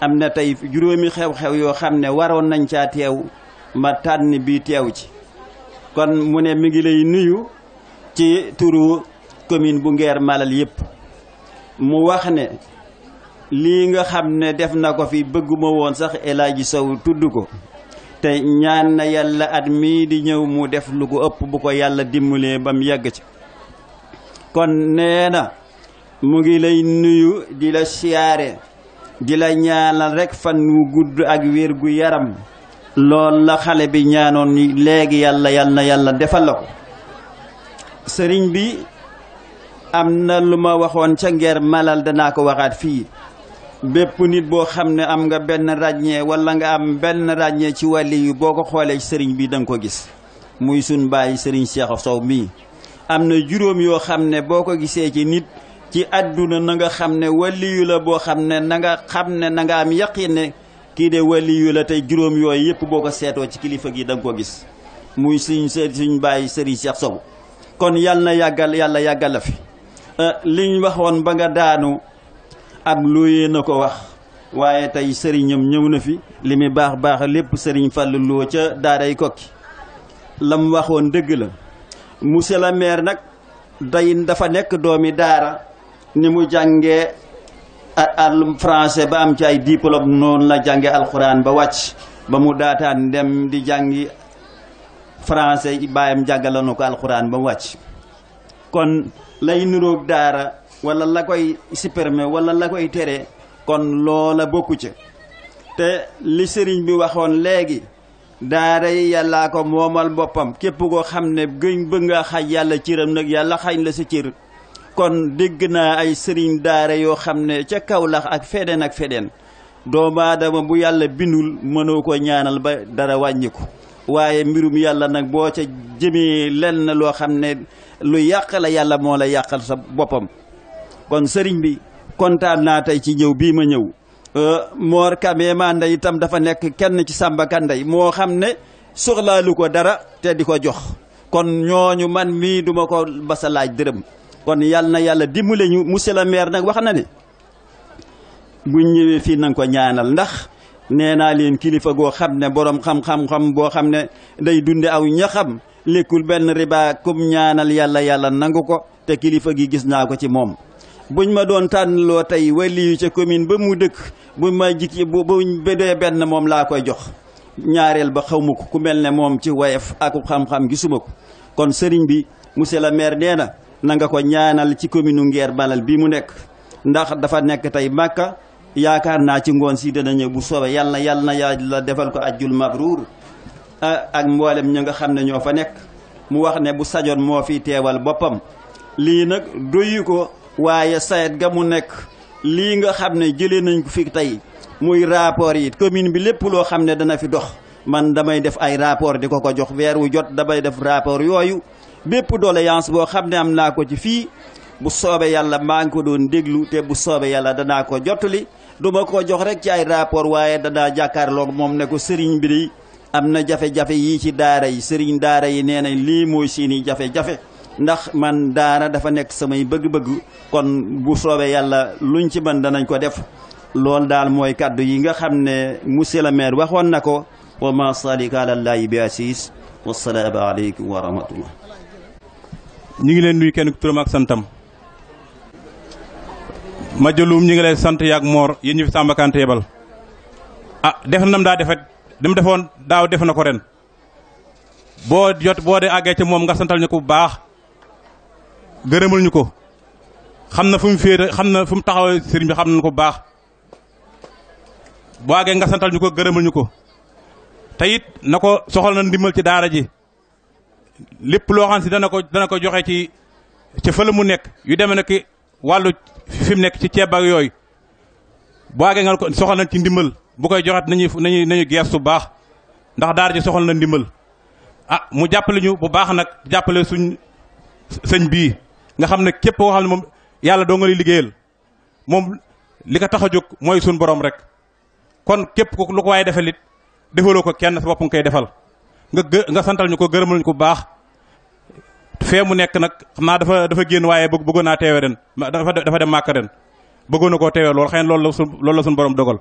am na tey juróomi xew-xew yoo xam ne waroon nañ caa teew ma tànn bi teew ci kon mu ne mi ngi lay nuyu ci turu commune bu ngeer Malal yépp mu wax ne lii nga xam ne def na ko fi bëgguma woon sax El Hadji Sow tudd ko te ñaan na yàlla at mii di ñëw mu def lu ko ëpp bu ko yàlla dimbalee ba mu yegg ci kon nee na mu ngi lay nuyu di la siyaare di la ñaanal rekk fan wu gudd ak wér gu yaram lool la xale bi ñaanoon léegi yàlla yàlla na yàlla defal la ko sëriñ bi am na lu ma waxoon ca ngeer malal danaa ko waxaat fii bépp nit boo xam ne am nga benn ràññee walla nga am benn ràññee ci wàlli yu boo ko xoolee sëriñ bi danga ko gis muy sun bàyyi sëriñ Cheikh Sow mii am na juróom yoo xam ne boo ko gisee ci nit ci àdduna na nga xam ne waliyu boo xam ne na nga xam ne na nga am yaqin ne kii de waliyu la tey juróom yooyu yëpp boo ko seetoo ci kilifa gi da nga ko gis muy suñ suñ bàyyi sëriñ Cheikh Sow kon yàlla na yàggal yàlla yàggal la fi euh, liñ waxoon ba daanu ab looyee na ko wax waaye tey sëriñam ñëw fi li muy baax baax lépp sëriñ Fallou Lo ca daaray kokki lam waxoon dëgg la monsieur le maire nag day dafa nekk doomi daara ni mu jàngee al français ba am ci ay diplôme noonu la jànge alxuraan ba wàcc ba mu daataan dem di jàngi français baayam jàngale na ko alxuraan ba wàcc kon lay nuroog daara wala la koy supprimer wala la koy tere kon loola bokku ca te li sëriñ bi waxoon léegi daara yi yàllaa ko moomal boppam képp koo xam ne gën bëgg nga xaj yàlla cëram nag yàlla xañ la sa cër kon dégg naa ay sëriñ daara yoo xam ne ca Kawlax ak feneen ak feneen doomu aadama bu yàlla bindul mënoo ko ñaanal ba dara wàññiku waaye mbirum yàlla nag boo ca jëmee lenn loo xam ne lu yàqale yàlla moo la yàqal sa boppam kon sëriñ bi kontaan naa tey ci ñëw bii ma ñëw euh, Mor Kame Manda itam dafa nekk kenn ci Samba Kanday moo xam ne soxlaalu ko dara te di ko jox kon ñooñu man mii duma ko basa laaj dërëm kon yàlla na yàlla dimbale ñu monsieur le maire nag wax na ne bu ñëwee fii nañ ko ñaanal ndax nee naa leen kilifa goo xam ne boroom xam-xam-xam boo xam ne day dunde aw ñaxam lekkul benn riba kum ñaanal yàlla yàlla nangu ko te kilifa gi gis naa ko ci moom. buñ ma doon tànnloo tey wali yu ca commune ba mu dëkk bu ma jikki bu buñ bedee benn moom laa koy jox ñaareel ba xaw ko ku mel ne moom ci woyef aku xam-xam gisuma ko kon sëriñ bi monsieur le maire nee na. na nga ko ñaanal ci commune Nguer Balal bii mu nekk ndax dafa nekk tey Màkka yaakaar naa ci ngoon si dana ñëw bu soobee yàlla na yaa na la defal ko ajjul mabruur ah, ak mboolem ña nga xam ne ñoo fa nekk mu wax ne bu sajoon moo fi teewal boppam lii nag doyu ko waaye sayet ga mu nekk lii nga xam ne jëlee nañ ko fi tey muy rapport yi commune bi lépp loo xam ne dana fi dox man damay def ay rapport di ko ko jox weer wu jot damay def rapport yooyu bépp doléance boo xam ne am naa ko ci fii bu soobee yàlla maa ngi ko doon déglu te bu soobee yàlla danaa ko jottali du ma ko jox rek ci ay rapport waaye danaa jàkkaarloog moom ne ko sëriñ bi de am na jafe-jafe yii ci daara yi sëriñ daara yi nee nañ lii mooy seeni jafe-jafe ndax man daara dafa nekk samay bëgg-bëgg kon bu soobee yàlla luñ ci mën danañ ko def lool daal mooy kàddu yi nga xam ne monsieur le maire waxoon na ko wa ma salika àlallaahi bi asis wasalaamu ñu ngi leen nuyu kenn ku turam ak santam ma jëlum ñu ngi lay sant yaag moor yéen ñu fi Samba Kanté yebal ah def na nam daa defet dam defoon daaw defe na ko ren boo jot boo de àggee ci moom nga santal ñu ko bu baax gërëmal ñu ko xam na fu mu féete xam na fu mu taxaw sëriñ bi xam nañu ko baax boo àggee nga santal ñu ko gërëmal ñu ko te it na ko soxal na ndimbal ci daara ji lépp loo xam si dana ko dana ko joxe ci ci fële mu nekk yu deme demee nag wàllu fi mu nekk ci ceeb ak yooyu bu àggee nga ko soxal nañ ci ndimbal bu koy joxat nañu nañu nañu geestu bu baax ndax daara ji soxal na ndimbal ah mu jàppale ñu bu baax nag jàppale suñ sëñ bii nga xam ne képp koo ne moom yàlla doo nga lay liggéeyal moom li ko tax a jóg mooy suñ borom rek kon képp ku lu ko waaye defal it defaloo ko kenn sa bopp koy defal. nga gë nga santal ñu ko gërëmal ñu ko bu baax fee mu nekk nag xam naa dafa dafa génn waaye bëgg bëggoon naa teewe ren dafa dafa dem màkk ren bëggoon na koo teewee lool xëy na loolu la su loolu la suñu borom dogal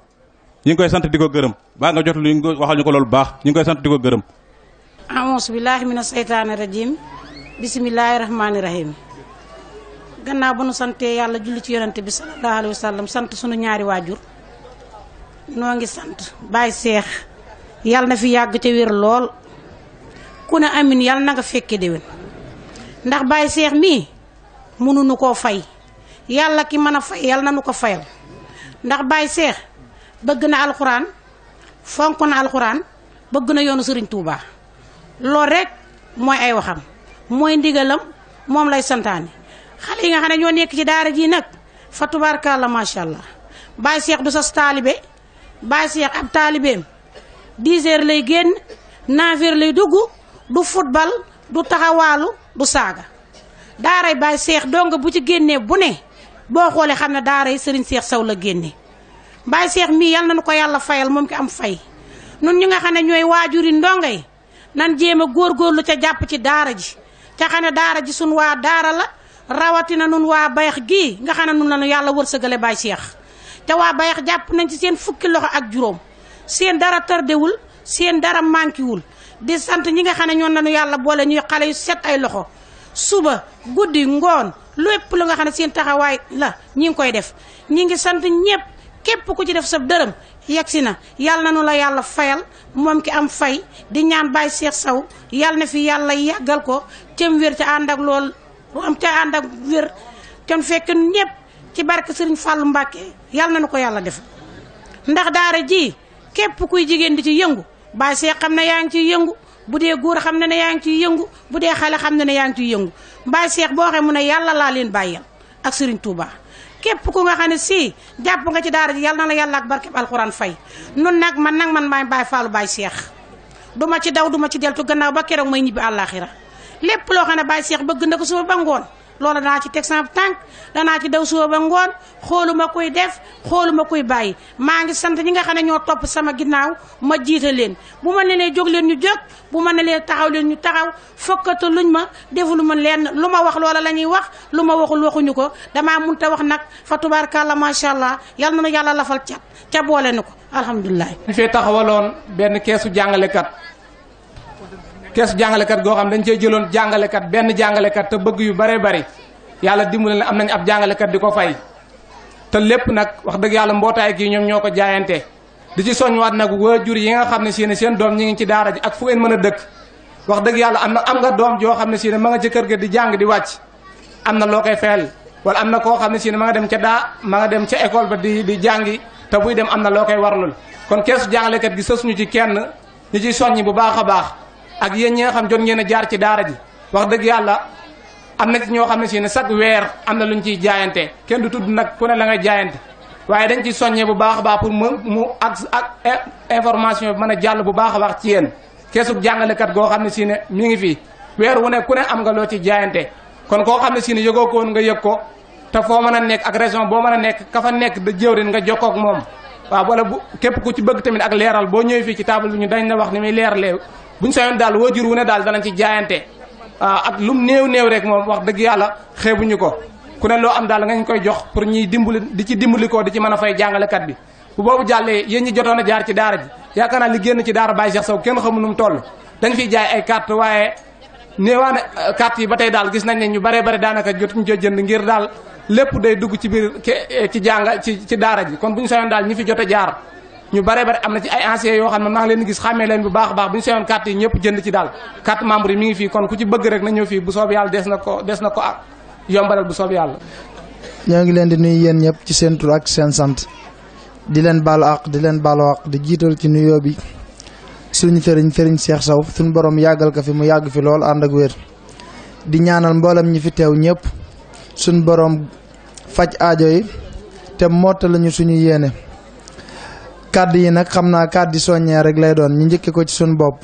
ñu ngi koy sant di ko gërëm baa nga jot lu ñu waxal ñu ko loolu bu baax ñu ngi koy sant di ko gërëm. aouzu billaahi mina seytaani rajiim bismillaahi rahmaani rahiim. gannaaw ba nu santee yàlla julli ci yonante bi sallallahu alayhi wa sallam sant sunu ñaari waajur noo ngi sant Baye Cheikh yàlla na fi yàgg te wér lool. ku ne amin yàlla na nga fekke déwén ndax Baye Cheikh mii mënuñu koo fay yàlla ki mën a fay yàlla na nu ko fayal ndax Baye Cheikh bëgg na alxuraan fonk na alxuraan bëgg na yoonu Serigne Touba loolu rek mooy ay waxam mooy ndigalam moom lay santaane xale yi nga xam ne ñoo nekk ci daara jii nag fa tubaarkàlla macha allah Baye Cheikh du sas taalibe Baye Cheikh ab taalibeem 10 heures lay génn 9 lay dugg. du football du taxawaalu du saaga daaray bay seex donga bu ci génnee bu ne boo xoolee xam ne daara yi sëriñ seex saw la génne baay seex mii yal nañu ko yàlla fayal moom ki am fay nun ñu nga xam ne ñooy waajur yi ndongo yi nan jéem a góorgóorlu ca jàpp ci daara ji ca xam ne daara ji sun waa daara la rawatina nun waa bayax gii nga xam ne nun lañu yàlla wërsëgale bay seex te waa bayax jàpp nañ ci seen fukki loxo ak juróom seen dara tërdewul seen dara manqué wul di sant ñi nga xam ne ñoon nañu yàlla boole ñuy xale yu set ay loxo suba guddi ngoon lépp lu nga xam ne seen taxawaay la ñi ngi koy def ñi ngi sant ñëpp képp ku ci def sa dërëm yegsi na yàlla nanu la yàlla fayal moom ki am fay di ñaan bay seex saw yàlla na fi yàlla yàggal ko cam wér ca ànd ak lool am ca ànd ak wér kon fekk ñëpp ci barke Sëriñ Fàllu Mbàkke na nu ko yàlla def ndax daara ji képp kuy jigéen di ci yëngu baay seex xam na yaa ngi ciy yëngu bu dee góor xam na ne yaa ngi ciy yëngu bu dee xale xam na ne yaa ngi ciy yëngu baay seex boo xee mu ne yàlla laa leen bàyyal ak Serigne Touba képp ku nga xam ne sii jàpp nga ci daara ji yàlla na la yàlla ak barkeb alxuraan fay nun nag ma nag man maay baay faalu baay seex duma ci daw duma ci deltu gannaaw ba keroog may ñibbi àllaaxira lépp loo xam ne baay seex bëgg na ko suba ba ngoon loola danaa ci teg sama tànk danaa ci daw suba ba ngoon xooluma kuy def xooluma kuy bàyyi maa ngi sant ñi nga xam ne ñoo topp sama ginnaaw ma jiite leen bu ma ne jóg leen ñu jóg bu ma ne leen taxaw leen ñu taxaw fokkata luñ ma defulu ma lenn lu ma wax loola la ñuy wax lu ma waxul waxuñu ko damaa mun te wax nag fa tubaarkàlla macha allah yal na nu yàlla lafal cat ca boole na ko alhamdulilah. ñu fee taxawaloon benn keesu jàngalekat. kees jàngalekat goo xam dañ cee jëloon jàngalekat benn jàngalekat te bëgg yu bare bari yàlla dimbali na am nañ ab jàngalekat di ko fay te lépp nag wax dëgg yàlla mbootaay gii ñoom ñoo ko jaayante di ci soñwaat nag jur yi nga xam ne si ne seen doom ñi ngi ci daara ji ak fu ngeen mën a dëkk wax dëgg yàlla am na am nga doom joo xam ne si ne ma nga ci kër ga di jàng di wàcc am na loo koy fayal wala am na koo xam ne si ne ma nga dem ca daa ma dem ca école ba di di jàngi te buy dem am na loo koy warlul kon bu baax a baax ak yéen ñi nga xam jot ngeen a jaar ci daara ji wax dëgg yàlla am na ci ñoo xam ne si ne chaque weer am na lu ñu ciy jaayante kenn du tudd nag ku ne la ngay jaayante waaye dañ ci soññee bu baax a baax pour mu mu ak ak information bi mën a jàll bu baax a baax ci yéen keesu jàngalekat goo xam ne si ne mi ngi fii weer wu ne ku ne am nga loo ci jaayante kon koo xam ne si ne yëgoo ko woon nga yëg ko te foo mën a nekk ak région boo mën a nekk ka fa nekk da jëwrin nga jokkoo moom waaw wala bu képp ku ci bëgg tamit ak leeral boo ñëwee fii ci table bi ñu dañ la wax ni muy leeralee buñ sañoon daal waajur wu ne daal danañ ci jaayante waaw ah, ak lum néew néew rek moom wax dëgg yàlla xeebuñu ko ku ne loo am daal ngañ koy jox pour ñuy dimbali di ci dimbali ko di ci mën a fay jàngalekat bi bu boobu jàllee yéen ñi jotoon a jaar ci daara ji yaakaar naa li génn ci daara Baye Cheikh Sow kenn xamu nu mu toll dañ fiy jaay ay carte waaye néewaane carte yi ba tey daal gis nañ ne ñu bare bare daanaka jotuñ ko jënd ngir daal lépp day dugg ci biir eh, ci jànga ci ci daara ji kon bu ñu sañoon daal ñi fi jot a jaar ñu bare bare am na ci ay anciens yoo xam ne maa leen gis xàmmee leen bu baax baax bu ñu sañoon carte yi ñëpp jënd ci daal carte membre yi mi ngi fii kon ku ci bëgg rek na ñëw fii bu soob yàlla des na ko des na ko ak yombalal bu soob yàlla ñoo ngi leen di nuyu yéen ñëpp ci seen tur ak seen sant di leen baalu di leen baalu di jiital ci nuyoo bi suñu sëriñ sëriñ Cheikh Sow suñu borom yàggal ko fi mu yàgg fi lool ànd ak wér di ñaanal mboolem ñi fi teew ñëpp suñ borom faj aajo yi te motta lañu suñu yéene kàddu yi nag xam naa kàddu soññee rek lay doon ñu njëkke ko ci suñ bopp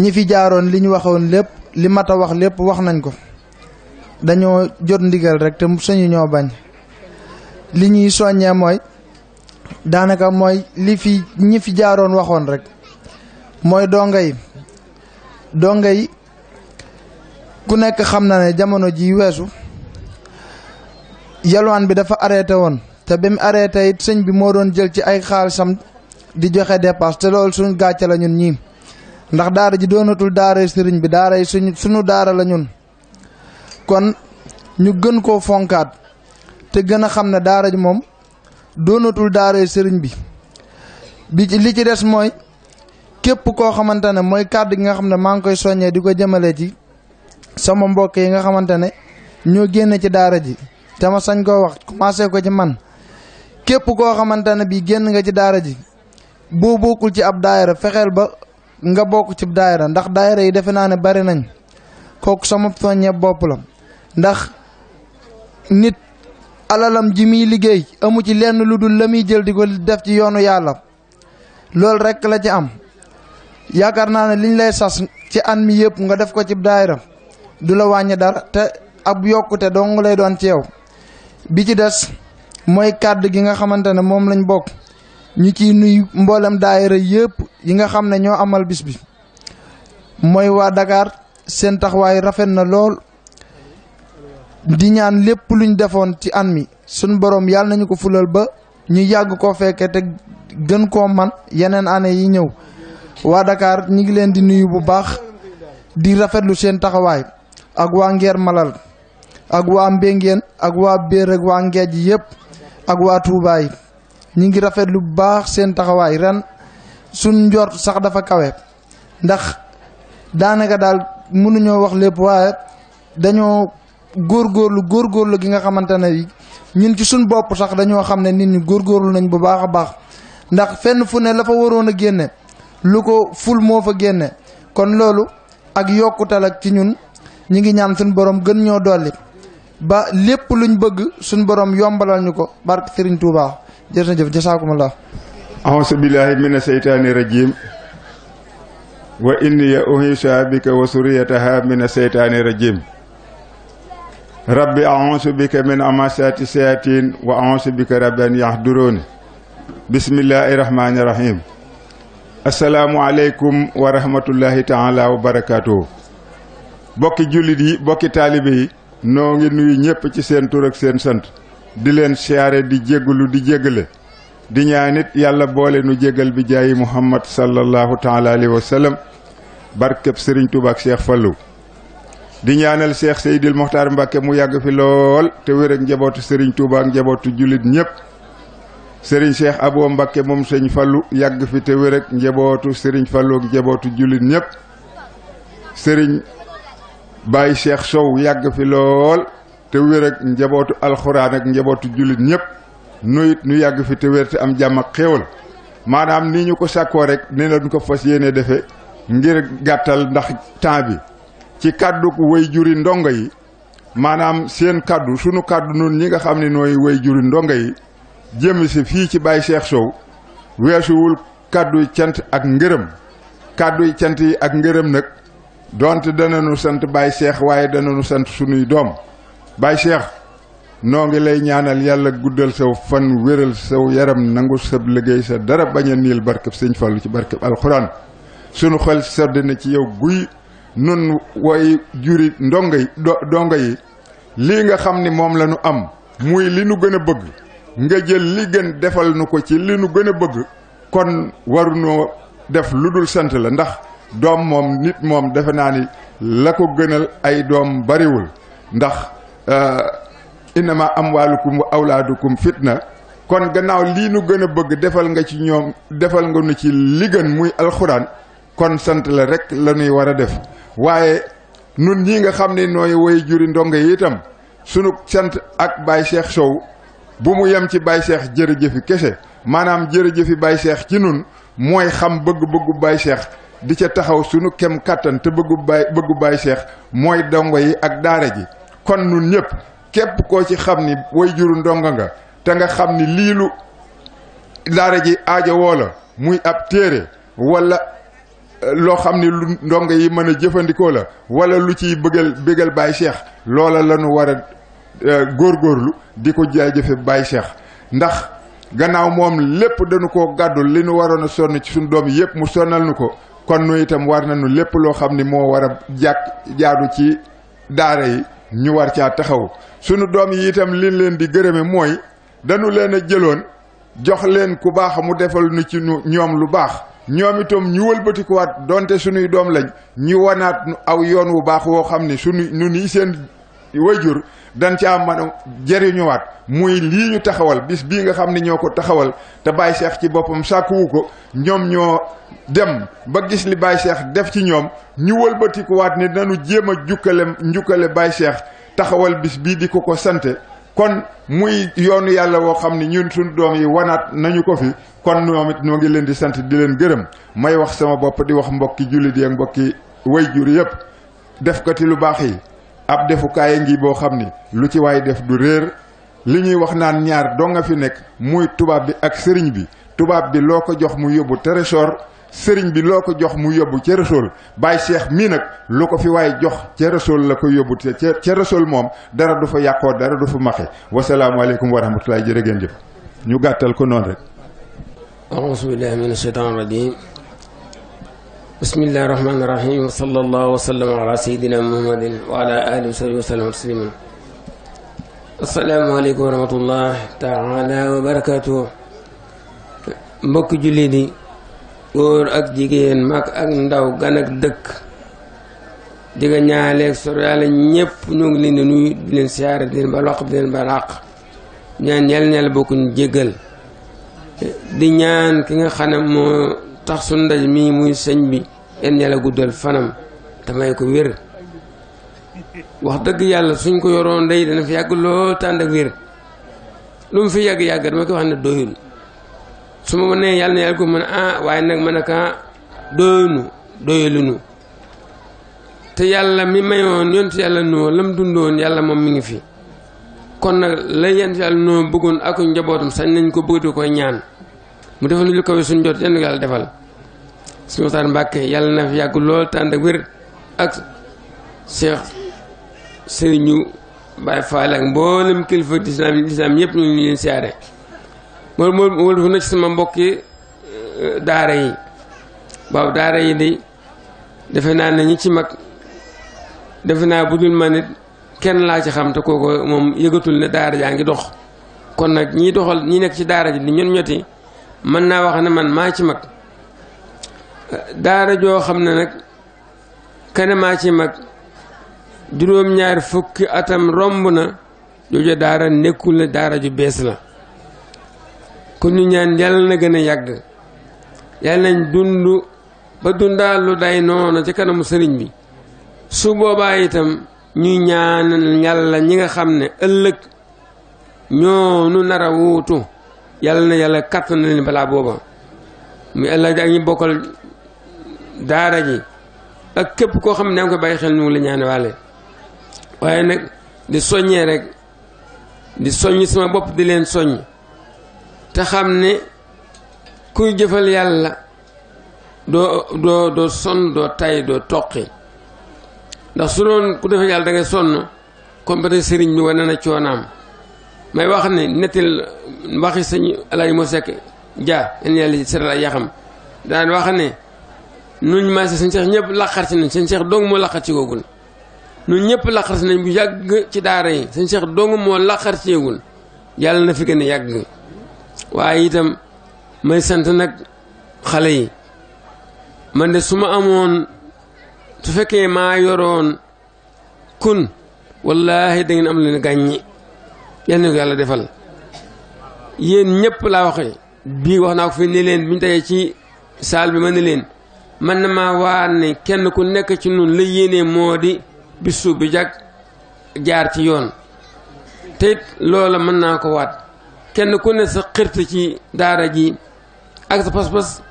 ñi fi jaaroon li ñu waxoon lépp li mat wax lépp wax nañ ko dañoo jot ndigal rek te suñu ñoo bañ li ñuy soññee mooy daanaka mooy li fi ñi fi jaaroon waxoon rek mooy donga yi donga yi ku nekk xam na ne jamono ji weesu yalwaan bi dafa arrêté woon te bi mu arrêté it sëñ bi moo doon jël ci ay xaalisam di joxe dépasse te lool suñu gàccee la ñun ñii ndax daara ji doonatul daaray sëriñ bi daaray suñu suñu daara la ñun kon ñu gën koo fonkaat te gën a xam ne daara ji moom doonatul daaray sëriñ bi bi ci li ci des mooy képp koo xamante ne mooy kàddu gi nga xam ne maa ngi koy soññee di ko jëmale ci sama mbokk yi nga xamante ne ñoo génne ci daara ji te ma sañ koo wax commencé ko ci man képp koo xamante ne bii génn nga ci daara ji boo bokkul ci ab daayira fexeel ba nga bokk ci daayira ndax daayira yi defe naa ne bari nañ kooku sama soññe bopp la ndax nit alalam ji muy liggéey amu ci lenn lu dul la muy jël di ko def ci yoonu yàlla loolu rekk la ci am yaakaar naa ne liñ lay sas ci an mi yëpp nga def ko ci daayira du la wàññi dara te ab yokkute dong lay doon ci bi ci des mooy kàdd gi nga xamante ne moom lañ bokk ñu ciy nuyu mboolem daayira yëpp yi nga xam ne ñoo amal bis bi mooy waa dakaar seen taxawaayu rafet na lool di ñaan lépp luñ defoon ci an mi suñ boroom yàlla nañu ko fulal ba ñu yàgg koo fekkee te gën koo man yeneen année yi ñëw waa Dakar ñi ngi leen di nuyu bu baax di rafetlu seen taxawaay ak waa Ngeer Malal ak waa Mbéngeen ak waa Béer ak waa Ngeej yëpp ak waa Touba yi ñu ngi rafet lu baax seen taxawaay ren suñ njort sax dafa kawe ndax daanaka daal mënuñoo wax lépp waaye dañoo góor góorlu gi nga xamante ne yi ñun ci suñ bopp sax dañoo xam ne nit ñi góorlu nañ bu baax a baax ndax fenn fu ne la fa waroon a génne lu ko ful moo fa génne kon loolu ak yokkute ak ci ñun ñu ngi ñaan suñ borom gën ñoo dolli. ba lépp luñ bëgg suñ borom yombalal ñu ko barke Serigne Touba jërëjëf jasaakumullah auzu billahi mina seytaani rajim wa inniya uhiisa bika wa suriyataha mina seytaani rajim rabbi auzu bika min amasati sayatin wa auzu bika rabbi an yahdurooni bismillahi rahmaani rahim asalaamu aleykum wa rahmatullahi taala wa barakaatuhu bokki jullit yi bokki taalibe yi noo ngi nuyu ñëpp ci seen tur seen sant di leen siyaare di jéggulu di jéggale di ñaan yàlla boole nu jégal bi jaayi muhammad sallallahu taala alayhi wa sallam barkeb sëriñ Tuubaa ak Cheikh Fallou di ñaanal Cheikh Seydil Mokhtar mbakke mu yàgg fi lool te wér njabootu sëriñ Tuubaa njabootu jullit ñëpp sëriñ Cheikh Abo Mbacke moom sëñ Fallou yàgg fi te wér njabootu sëriñ Fallou njabootu jullit ñëpp sëriñ bàyyi Cheikh Sow yàgg fi lool te wér njabootu alxuraan ak njabootu jullit ñëpp nuyit nu yàgg fi te wér am jàmm ak xéewal maanaam ni ñu ko sàkkoo rek ni lañ ko fas yéene defe ngir gàttal ndax temps bi ci kàddu way juri ndongo yi maanaam seen kàddu sunu kàddu nun ñi nga xam ni nooy way juri ndongo yi jëm si fii ci Baye Cheikh Sow weesuwul kàddu yi cant ak ngërëm kàddu yi cant yi ak ngërëm nag donte dananu sant Baye Cheikh waaye dananu sant sunuy doom Baye Cheikh noo ngi lay ñaanal yàlla guddal saw fan wéral saw yaram nangu sab liggéey sa dara bañ niil barkeb sëñ Fallu ci barkeb alxuraan sunu xel sedd na ci yow guy nun way juri ndongo yi dongo yi lii nga xam ni moom la ñu am muy li nu gën a bëgg nga jël li gën defal nu ko ci li nu gën a bëgg kon waru noo def lu dul sant la ndax doom moom nit moom defe naa ni la ko gënal ay doom bariwul ndax am euh, innama amwaalukum wa awlaadukum fitna kon gannaaw lii nu gën a bëgg defal nga ci ñoom defal nga nu ci li gën muy alxuraan kon sant la rek la ñuy war a def waaye nun ñii nga xam ni nooy woy juri ndongo yi itam sunu sant ak Baye Cheikh Sow bu mu yem ci Baye Cheikh jërëjëfi kese maanaam jërëjëfi Baye Cheikh ci nun mooy xam bëgg-bëggu Baye Cheikh di ca taxaw sunu kem kàttan te bëggu baay bëggu baay seex mooy dongo yi ak daara ji kon nun ñëpp képp koo ci xam ni way juru ndongo nga te nga xam ni lii lu daara ji aajo woo la muy ab téere walla eh, loo xam ni lu ndongo yi mën a jëfandikoo la wala lu ciy bëggal bëggal baay seex loola la ñu war a eh, góorgóorlu di ko jaajëfe baay seex ndax gannaaw moom lépp dañu koo gàddu li nu waroon a sonn ci suñu doom yëpp mu sonnal nu ko kon nu itam war nañu lépp loo xam ni moo war a jàkk jaadu ci daara yi ñu war caa taxaw sunu doom yi itam liñ leen di gërëme mooy dañu leen a jëloon jox leen ku baax mu defal nu ci ñoom lu baax ñoom itam ñu wëlbatikuwaat donte sunuy doom lañ ñu wanaat aw yoon wu baax woo xam ni sunu nu ni seen wayjur dañ ci am man jëriñuwaat muy lii ñu taxawal bis bii nga xam ni ñoo ko taxawal te Baye Cheikh ci boppam sàkkuwu ko ñoom ñoo dem ba gis li Baye Cheikh def ci ñoom ñu wëlbatikuwaat ne nanu jéem a jukkale njukkale Baye Cheikh taxawal bis bii di ko ko sante kon muy yoon yàlla woo xam ni ñu suñu doom yi wanaat nañu ko fi kon ñoom it ñoo ngi leen di sant di leen gërëm may wax sama bopp di wax mbokki jullit yi ak mbokki way jur yëpp def ko ci lu baax yi ab defukaay ngi boo xam ni lu ci waay def du réer li ñuy wax naan ñaar doo nga fi nekk muy tubaab bi ak sëriñ bi tubaab bi loo ko jox mu yóbbu trésor sëriñ bi loo ko jox mu yóbbu ca Rasuul Baay seex mii nag lu ko fi waaye jox ca Rasuul la ko yóbbu te ca Rasuul moom dara du fa yàqoo dara du fa maxe wasalaamualeykum wa rahmatullahi jërë ngeen jëf ñu gàttal ko noonu rek. bismillahi rahmaani rahim wa sallallahu wa sallam ala sayidina muhammadin wa ala alihi wa sahbihi wa sallam tasliman asalaamaaleykum wa rahmatullah taala wa barakatuh mbokki julli di góor ak jigéen mag ak ndaw gan ak dëkk diga ñaaleeg sor yàlla ñépp ñu ngi leen di nuyu di leen siyaare di leen ba loq di leen ba làq ñaan yàlla na yàlla bokkuñ jéggal di ñaan ki nga xam ne moo tax sunu ndaj mii muy sëñ bi yenn yàlla guddal fanam te may ko wér wax dëgg yàlla suñ ko yoroon day dana fi yàgg lool tànd ak wér lu mu fi yàgg yàgg dama koy wax ne doyul su ma nee yàlla na yàlla ko mën ah, waaye nag man aka ah, doyunu doyulunu yàlla mi mayoon yàlla noo lam yàlla moom mi ngi fi kon nag la yonent yàlla noo bëggoon ak njabootam sañ nañ ko bëggati koy ñaan mu defal lu kawe suñ jot yenn yàlla defal suñu waxtaan mbàkke yàlla na fi yàgg lool tànd ak wér ak cheikh sëriñu Baye Fall ak mboolem kilifa lislaam lislaam ñëpp ñu ngi leen siyaare moo moo moo dafa nag sama mbokki e, daara yi waaw daara yi de defe naa ne ñi ci mag defe naa bu dul man nit kenn laa ci xam te kooku moom yëgatul ne daara jaa ngi dox kon nag ñi doxal ñi nekk ci daara ji di ñon ñoti mën naa wax ne man maa ci mag daara joo xam ne nag kanamaa ci mag juróom-ñaar fukki atam romb na jooju daara nekkul ne daara ju bees la kon ñu ñaan yàlla na gën a yàgg yàlla nañ dund ba dundaal lu day noonu ci kanamu sëriñ bi su boobaa itam ñu ñaan yàlla ñi nga xam ne ëllëg ñoo nu nara wuutu yàlla na yàlla kàttan na leen balaa booba mu yàlla ji ak ñi bokkal daara ji ak képp koo xam ne da nga koy bàyyi xel ñu ngi la ñaane waale waaye nag di soññee rek di soññ sama bopp di leen soññ te xam ne kuy jëfal yàlla doo doo doo sonn doo tay doo toqi ndax su doon ku defee yàlla da sonn kon ba tey sëriñ bi wane na coonaam may wax ne nettil waxi sëñ Alaaji moo sekk jaa en yàlla seetal ay yaxam daan wax ne nuñ maase sëñ Seex ñëpp laqar ci nañ sëñ Seex dong moo laqar ci googul nun ñëpp laqar ci nañ bu yàgg ci daara yi sëñ Seex dong moo laqar ci yegul yàlla na fi gën a yàgg waaye itam may sant nag xale yi man de su ma amoon su fekkee maa yoroon kun wallaahi da ngeen am leen gàññi yal nañu yàlla defal yéen ñëpp laa waxee bii wax naa ko fi ne leen bi ñu tayee ci saal bi ma ne leen man na maa waar ne kenn ku nekk ci nun la yéenee moo di bisu bi jag jaar ci yoon te it loola mën naa ko waat kenn ku ne sa xirt ci daara ji ak sa pas-pas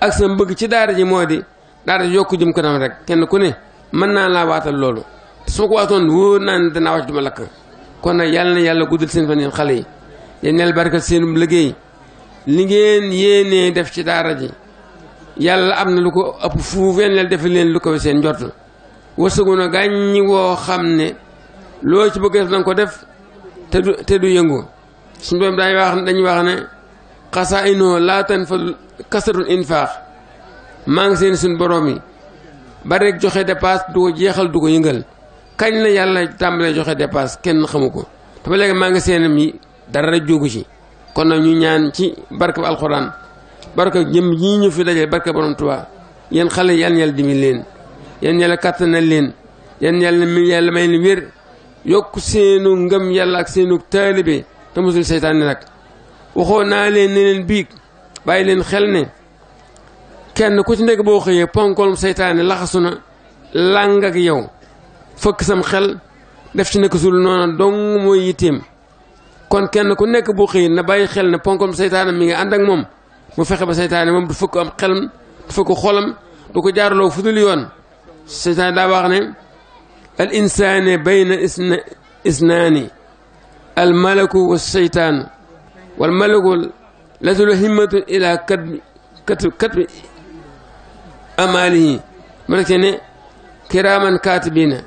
ak sa mbëgg ci daara ji moo di daara ji yokku jëm kanam rek kenn ku ne mën naa laa waata loolu su ma ko waatoon wóor naa ne danaa wax duma lakk kon nag yàlla na yàlla guddal seen fan yéen xale yi yéen neel barka seenum liggéey li ngeen yéenee def ci daara ji yàlla am na lu ko ëpp fuuf yéen neel def leen lu ko seen njot la wërsëgu na gàññi woo xam ne loo ci bëgg def na ko def te du te du yëngu suñu doom dañuy wax dañ wax ne xasaa inoo laa tan fa kasatul infaax maa ngi seen suñu borom yi ba rek joxe dépasse du ko jeexal du ko yëngal kañ la yàlla tàmbalee joxe dépense kenn xamu ko te ba léegi maa ngi seen mi dara jógu ci kon na ñu ñaan ci barke bu alxuraan barke jëm yi ñu fi dajale barke borom Tuubaa yéen xale yal na leen yenn yàlla kàttanal leen yenn yàlla mi may leen wér yokk seenu ngëm yàlla ak seenu taalibe te mosul seytaan nag waxoo naa leen ne leen biig bàyyi leen xel ne kenn ku ci nekk boo xëyee ponkolum seytaane laxasu na làng ak yow fëkk sam xel def ci nekk sul noonu dong mooy yitteem kon kenn ku nekk bu xëy na bàyyi xel na ponkom seytaane mi ngi ànd ak moom mu fexe ba seytaane moom du fokk am xel du fëkk xolam du ko jaarloo fu dul yoon seytaane daa wax ne al insaane bayna isna isnaani al malaku wa seytaanu wal malaku latul himmatu ila kat amaalihi mu ne kiraaman kaatibiina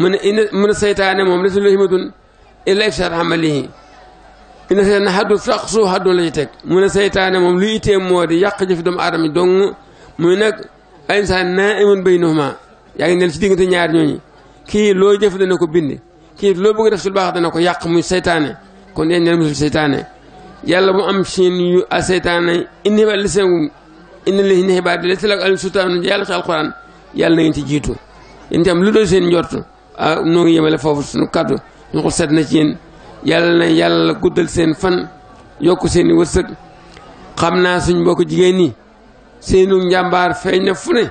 mu ne ina mu ne seytaane moom la si la himatun illa ikshar amalihi ina seen xaddu teg mu ne seytaane moom lu itteem moo di yàq jëfi doomu aadama dong muy nag ay insaan naa imun baynahuma yaa ngi nel ci diggante ñaar ñooñu kii loo jëf dana ko bind kii loo bëgg def su baax dana ko yàq muy seytaane kon yéen ñaar musul seytaane yàlla mu am siin yu a seytaane indi xibaar li seen indi li indi xibaar di la si la ak al sultaan yàlla ci alquran yàlla na ngeen ci jiitu yéen itam lu doon seen njort ah noo ngi yemale foofu suñu kàddu ñu ko set na ci yéen yàlla na yàlla guddal seen fan yokk seeni i xam naa suñ mbokk jigéen ñi seenu njàmbaar feeñ na fune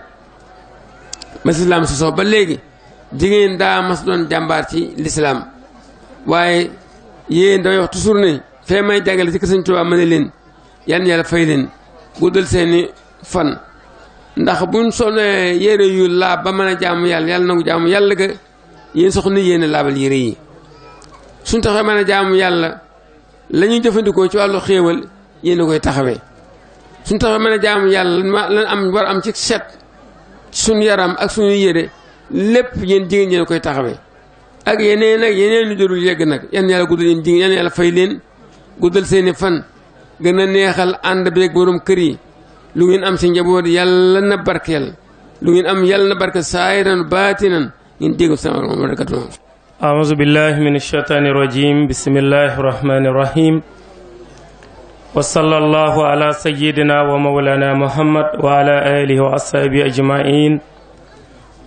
ne ba léegi jigéen daa mas doon jàmbaar ci lislaam waaye yéen damay wax toujours ne fee may jàngale ci kër Sëñ Tuubaa ma ne leen yan yàlla fay leen guddal seeni fan ndax bu buñ solee yére yu laa ba mën a jaamu yàlla yàlla nangu jaamu yàlla ga yéen soxna yéen a laabal yére yi suñ taxawee man a jaamu yàlla lañuy jëfandikoo ci wàllu xéewal yéen a koy taxawe suñ taxawee mën a jaamu yàlla lan am war am ci set suñ yaram ak suñu yére lépp yéen jigéen yéen koy taxawe ak yeneen ak yeneen ñu jërul yegg nag yan yàlla guddal yéen jigéen yan yàlla fay leen guddal seeni fan gën a neexal ànd beeg borom kër yi lu ngeen am si njaboot yàlla la barkeel lu ngeen am yàlla na barkeel saayiran ngeen dégg salaam alaykum wa min ash-shaytaani bismillahi rahmaani wa sallallahu ala sayyidina wa mawlana muhammad wa ala alihi wa ashabihi ajma'in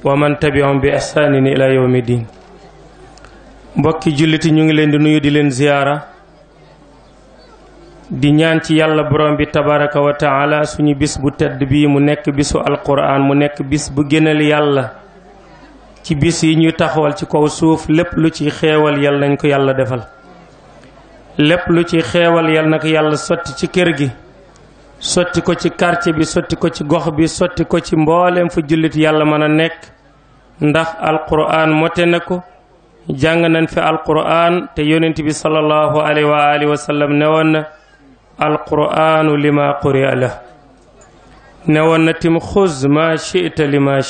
wa man tabi'ahum bi ihsanin ila yawmi mbokki julliti ñu ngi leen di nuyu di leen ziyaara di ñaan ci yàlla borom bi tabaraka wa taala suñu bis bu tedd bii mu nekk bisu alquran mu nekk bis bu gënal yàlla ci bis yi ñuy taxawal ci kaw suuf lépp lu ci xeewal yal nañ ko yàlla defal lépp lu ci xeewal yal na yàlla sotti ci kër gi sotti ko ci quartier bi sotti ko ci gox bi sotti ko ci mbooleem fu jullit yàlla mën a nekk ndax alquran mote na ko jàng nañ fi alquran te yonent bi sallallahu alayhi wa alihi wa sallam newoon na alquranu lima quri'a la newoon na tim xuz ma chita lima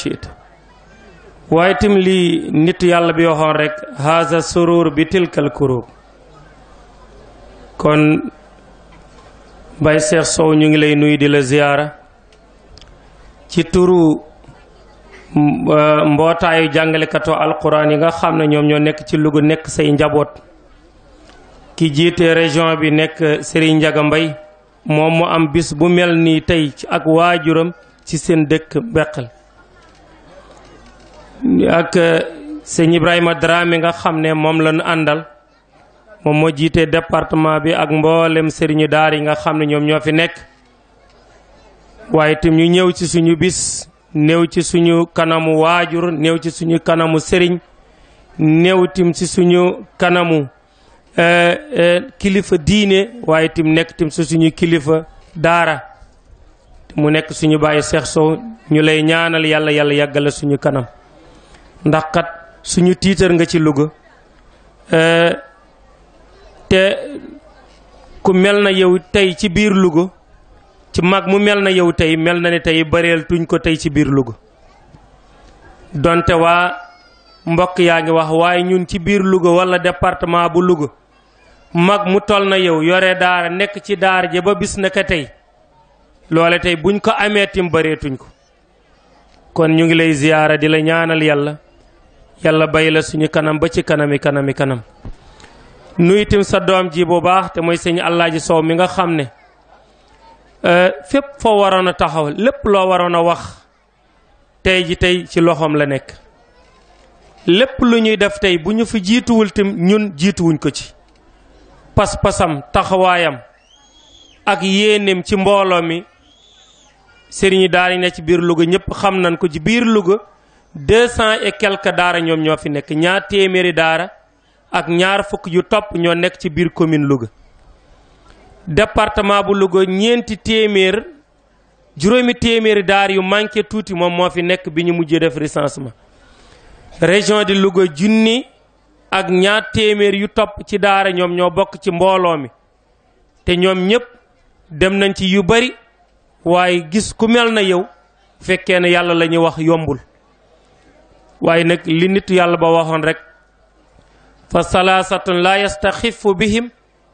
waaye tim lii nit yàlla bi waxoon rek haza surur bi tilkal kurub kon bay seex sow ñu ngi lay nuyu di la ziyaara ci turu mbootaayu jàngalekatu alxuraan yi nga xam ne ñoom ñoo nekk ci Louga nekk say njaboot ki jiite région bi nekk Serigne Ndiaga Mbaye moom mu am bis bu mel nii tey ak waajuram ci seen dëkk Beqal ak eh, sëñ Ibrahima Dramé nga xam ne moom la ñu àndal moom moo jiitee département bi ak mboolem sëriñu daar yi nga xam ne ñoom ñoo fi nekk waaye itam ñu ñëw ci suñu bis néew ci suñu kanamu waajur néew ci suñu kanamu sëriñ néew itam ci suñu kanamu eh, eh, kilifa diine waaye tim nekk itam ci suñu kilifa daara mu nekk suñu bàyyi Cheikh Sow ñu lay ñaanal yàlla yàlla yàggale suñu kanam ndax kat suñu tiitar nga ci Louga eh, te ku mel na yow tey ci biir Louga ci mag mu mel na yow tey mel na ne tey bareel ko tey ci biir Louga donte waa mbokk yaa ngi wax waaye ñun ci biir Louga walla departement bu Louga mag mu toll na yow yore daara nekk ci daara ja ba bis na ka tey loole tey buñ ko amee tim bareetuñ ko kon ñu ngi lay ziyaara di la ñaanal yàlla yàlla bàyyi la suñu kanam ba ci kanami kanami kanam nuy itam sa doom ji bu baax te mooy sëñ Alaaji Sow mi nga xam ne euh, fépp foo waroon a taxaw lépp loo waroon a wax tey ji tey ci loxoom la nekk lépp lu ñuy def tey bu ñu fi jiituwul tim ñun jiituwuñ ko ci pas-pasam taxawaayam ak yéeneem ci mbooloo mi sëriñi daara yi ne ci biir Louga ñëpp xam nañ ko ci biir Louga deux cent et quelques daara ñoom ñoo fi nekk ñaar téeméeri daara ak ñaar fukk yu topp ñoo nekk ci biir commune Louga département bu Louga ñeenti téeméer juróomi téeméeri daar yu manqué tuuti moom moo fi nekk bi ñu mujjee def recensement région de Louga junni ak ñaar téeméer yu topp ci daara ñoom ñoo bokk ci mbooloo mi te ñoom ñëpp dem nañ ci yu bari waaye gis ku mel na yow fekkee ne yàlla la ñuy wax yombul waaye nag li nit yàlla ba waxoon rek fa salaasatun laa yastaxifu bihim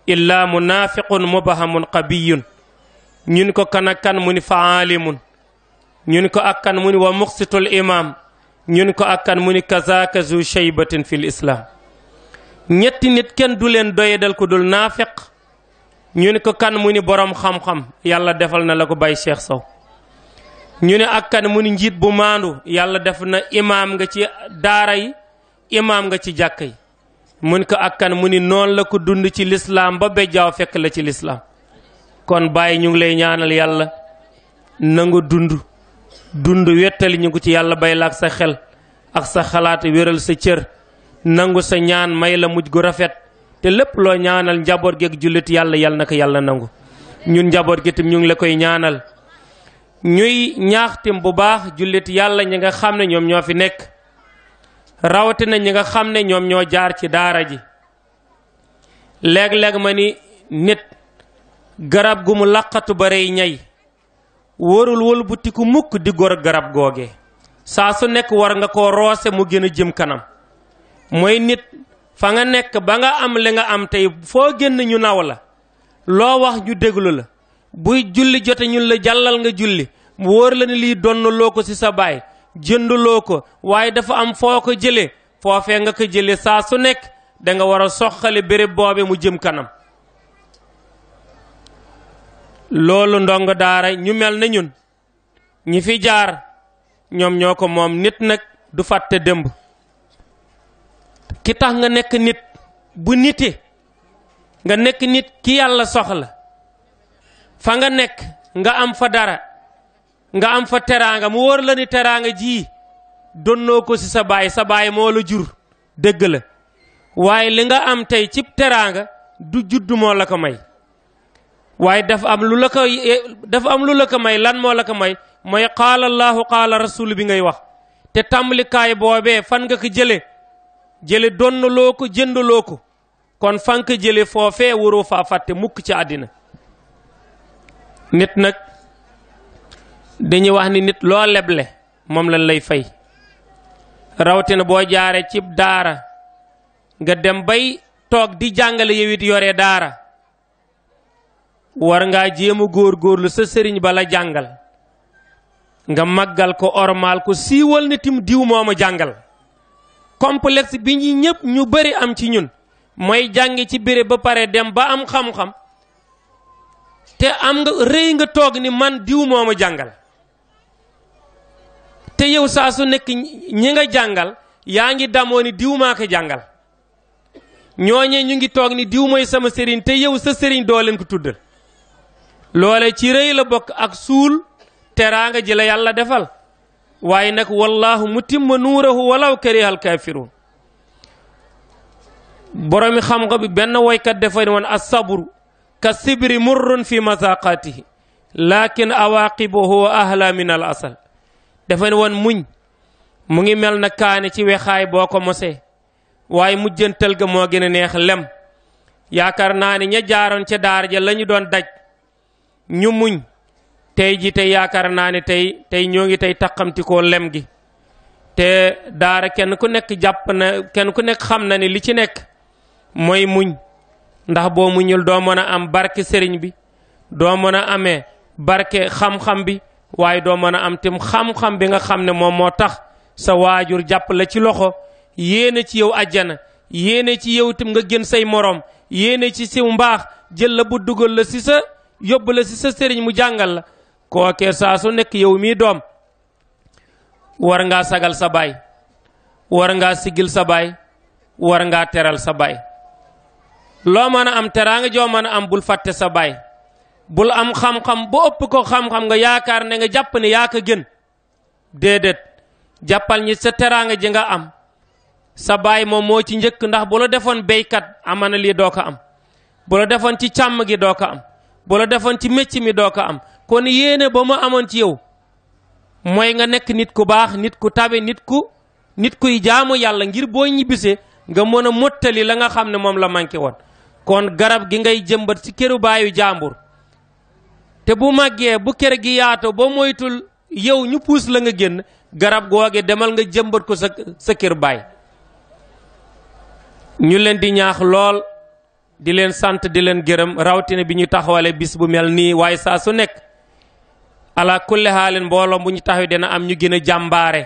illaa munaafiqun mubahamun qabiyun ñun ko kan ak kan mu ni faalimun ñun ko ak kan mu ni wa muqsitul imaam ñun ko ak kan mu ni kazaaka zu shaybatin islaam ñetti nit kenn du leen doyedal ku dul naafiq ñun ko kan mu ni borom xam-xam yàlla defal na la ko bay Cheikh Sow ñu ne ak kan mu ni njiit bu maandu yàlla def na imaam nga ci daara yi imaam nga ci jàkk yi mun ko ak kan mu ni noonu la ko dund ci lislaam ba bejjaaw fekk la ci lislaam kon bàyyi ñu ngi lay ñaanal yàlla nangu dund dund wettali ñu ko ci yàlla bay la ak sa xel ak sa xalaat wéral sa cër nangu sa ñaan may la mujj gu rafet te lépp loo ñaanal njaboot gi ak jullit yàlla yàlla na ko yàlla nangu ñun njaboot gi tam ñu ngi la koy ñaanal ñuy ñaaxtim bu baax jullit yàlla ñi nga xam ne ñoom ñoo fi nekk rawatina ñi nga xam ne ñoom ñoo jaar ci daara ji léeg-léeg ma ni nit garab gu mu laqatu ba rey ñay warul ku mukk di gor garab googe saa su nekk war nga ko roose mu gën a jëm kanam mooy nit fa nga nekk ba nga am li nga am tey foo génn ñu naw la loo wax ñu déglu la buy julli jote la jàllal nga julli wóor la ni lii donnaloo ko ci sa baay jënduloo ko waaye dafa am foo ko jëlee foofee nga ko jële saa su nekk danga nga war a soxale béréb boobe mu jëm kanam loolu ndongo daara ñu mel na ñun ñi fi jaar ñoom ñoo ko moom nit nag du fàtte dëmb ki tax nga nekk nit bu nite nga nekk nit ki yàlla soxla fa nga nekk nga am fa dara nga am fa teraanga mu wóor la ni teraanga ji donnoo ko ci sa baay sa baay moo la jur dëgg la waaye li nga am tey cib teraanga du judd moo la ko may waaye dafa am lu la ko may lan moo la ko may mooy qaala allahu qaala rasul bi ngay wax te tàmbalikaay boobee fan nga ko jële jële donnaloo ko jëndaloo ko kon fan ko jële foofee waroo faa fàtte mukk ci àddina nit nag dañuy wax ni nit loo leble moom lañ lay fay rawatina boo jaaree ci daara nga dem bay toog di jàngale yow yore daara war ngaa jéem a góorgóorlu sa sëriñ ba la jàngal nga màggal ko ormaal ko siiwal ne tim diw moo jàngal complexe bi ñi ñëpp ñu bëri am ci ñun mooy jàngi ci béréb ba pare dem ba am xam-xam te am nga rëy nga toog ni man diw moo jàngal te yow saa su nekk ñi nga jàngal yaa ngi damoo ni diw maa jàngal ñooñee ñu ngi toog ni diw mooy sama sëriñ te yow sa sëriñ doo leen ko tuddal loole ci rëy la bokk ak suul teraanga ji la yàlla defal waaye nekk wallaahu mutimma nuurahu walaw karihal kaafiruun boromi xam nga bi benn woykat dafa ne woon as ka sibri murrun fi masaqatihi lakin awaqibuhu ahla min al asal dafa ne woon muñ mu ngi mel na kaani ci wexaay boo ko mosee waaye mujjantal ga moo gën a neex lem yaakaar naa ne ña jaaroon ca daara ja la doon daj ñu muñ tey ji tey yaakaar naa ne tey tey ñoo ngi tey taqamtikoo lem gi te daara kenn ku nekk jàpp na kenn ku nekk xam na ne li ci nekk mooy muñ ndax boo muñul doo mën a am barke sëriñ bi doo mën a amee barke xam-xam bi waaye doo mën a am tim xam-xam bi nga xam ne moom moo tax sa waajur jàpp la ci loxo yéene ci yow ajjana yéene ci yow tim nga gën say moroom yéene ci siw mbaax jël la bu dugal la ci sa yóbbu la si sa sëriñ mu jàngal la kookee saa su nekk yow mii doom war ngaa sagal sa baay war ngaa siggil sa baay war ngaa teral sa baay loo mën a am teraanga joo mën a am bul fàtte sa baay bul am xam-xam ba ëpp ko xam-xam nga yaakaar ne nga jàpp ne yaa ko gën déedéet jàppal ñi sa teraanga ji nga am sa baay moom moo ci njëkk ndax bu la defoon béykat amana lii doo ko am bu la defoon ci càmm gi doo ko am bu la defoon ci mécc mi doo ko am kon yéene ba mu amoon ci yow mooy nga nekk nit ku baax nit ku tabe nit ku nit kuy jaamu yàlla ngir boo ñibbisee nga mën a mottali la nga xam ne moom la manqué woon kon garab gi ngay jëmbat ci këru baayu jàmbur te bu màggee bu kër gi yaatoo ba moytul yow ñu puus la nga génn garab googe demal nga jëmbat ko sa sa kër baay ñu leen di ñaax lool di leen sant di leen gërëm rawatina bi ñu taxawale bis bu mel nii waaye saa su nekk ala kulli haalin mbooloo mu ñu taxaw dina am ñu gën a jàmbaare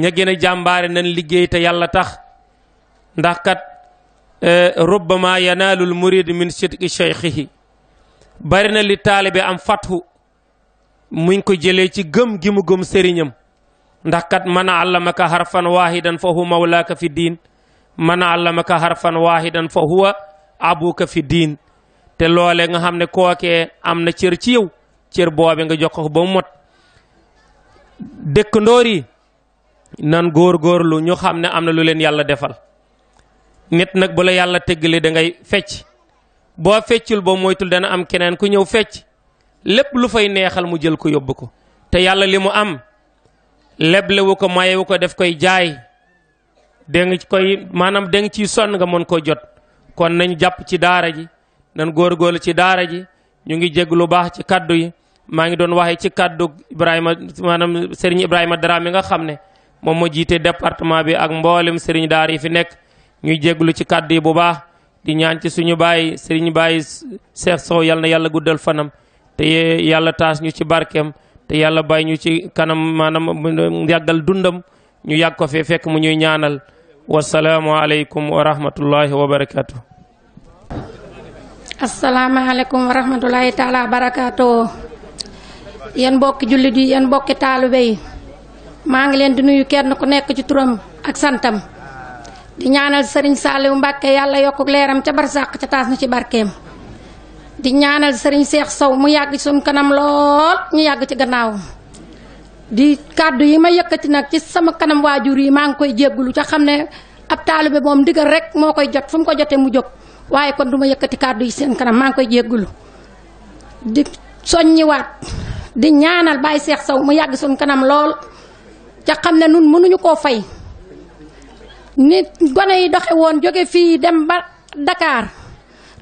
ña gën a jàmbaare nañ liggéey te yàlla tax ndax kat rubbama yanaalul murid min sidqi cheikhihi bari na li taalibe am fathu muñ ko jëlee ci gëm gi gëm sëriñam ndax kat man allamaka harfan waahidan fa huwa fi diin man allamaka harfan waahidan fa huwa abuka fi diin te loole nga xam ne kookee am na cër ci yow cër boobe nga jox ko ba mu mot dëkk ndoor yi nan góor lu ñu xam ne am na lu leen yàlla defal nit nag bu yàlla tëggalee da ngay fecc boo feccul boo moytul dana am keneen ku ñëw fecc lépp lu fay neexal mu jël ko yóbbu ko te yàlla li mu am leblewu ko mayewu ko def koy jaay ci koy maanaam danga ci sonn nga mën koo jot kon nañu jàpp ci daara ji nan góorgóorlu ci daara ji ñu ngi jégg lu baax ci kàddu yi maa ngi doon waxee ci kàddu kaddu Ibrahima maanaam Serigne Ibrahima Dramé nga xam ne moom moo jiite département bi ak mboolem Serigne daar yi fi nekk ñuy jégglu ci kàddu yi bu baax di ñaan ci suñu baay suñu baay Cheikh Sow yal na yàlla guddal fanam te yàlla taas ñu ci barkeem te yàlla bàyyi ñu ci kanam maanaam yàggal dundam ñu yàgg ko fee fekk mu ñuy ñaanal wasalaamu aleykum wa rahmatullahi wa barakaatu. asalaamaaleykum wa rahmatullahi taala wa barakaatu. yéen mbokki jullit yi yéen mbokki taalibe maa ngi leen di nuyu kenn ku nekk ci turam ak santam. di ñaanal sëriñ Saaliw Mbàkke yàlla yokk leeram ca barsàq ca taas na ci barkeem di ñaanal sëriñ Seex saw mu yàgg ci kanam lool ñu yàgg ci gannaawam di kàddu yi ma yëkkati nag ci sama kanam waajur yi maa ngi koy jéggulu ca xam ne ab taalibe moom ndigal rek moo koy jot fu mu ko jotee mu jóg waaye kon du ma yëkkati kàddu yi seen kanam maa ngi koy jéggulu di soññiwaat di ñaanal baay Seex saw mu yàgg suñ kanam lool ca xam ne nun mënuñu koo fay nit gone yi doxe woon jóge fii dem ba Dakar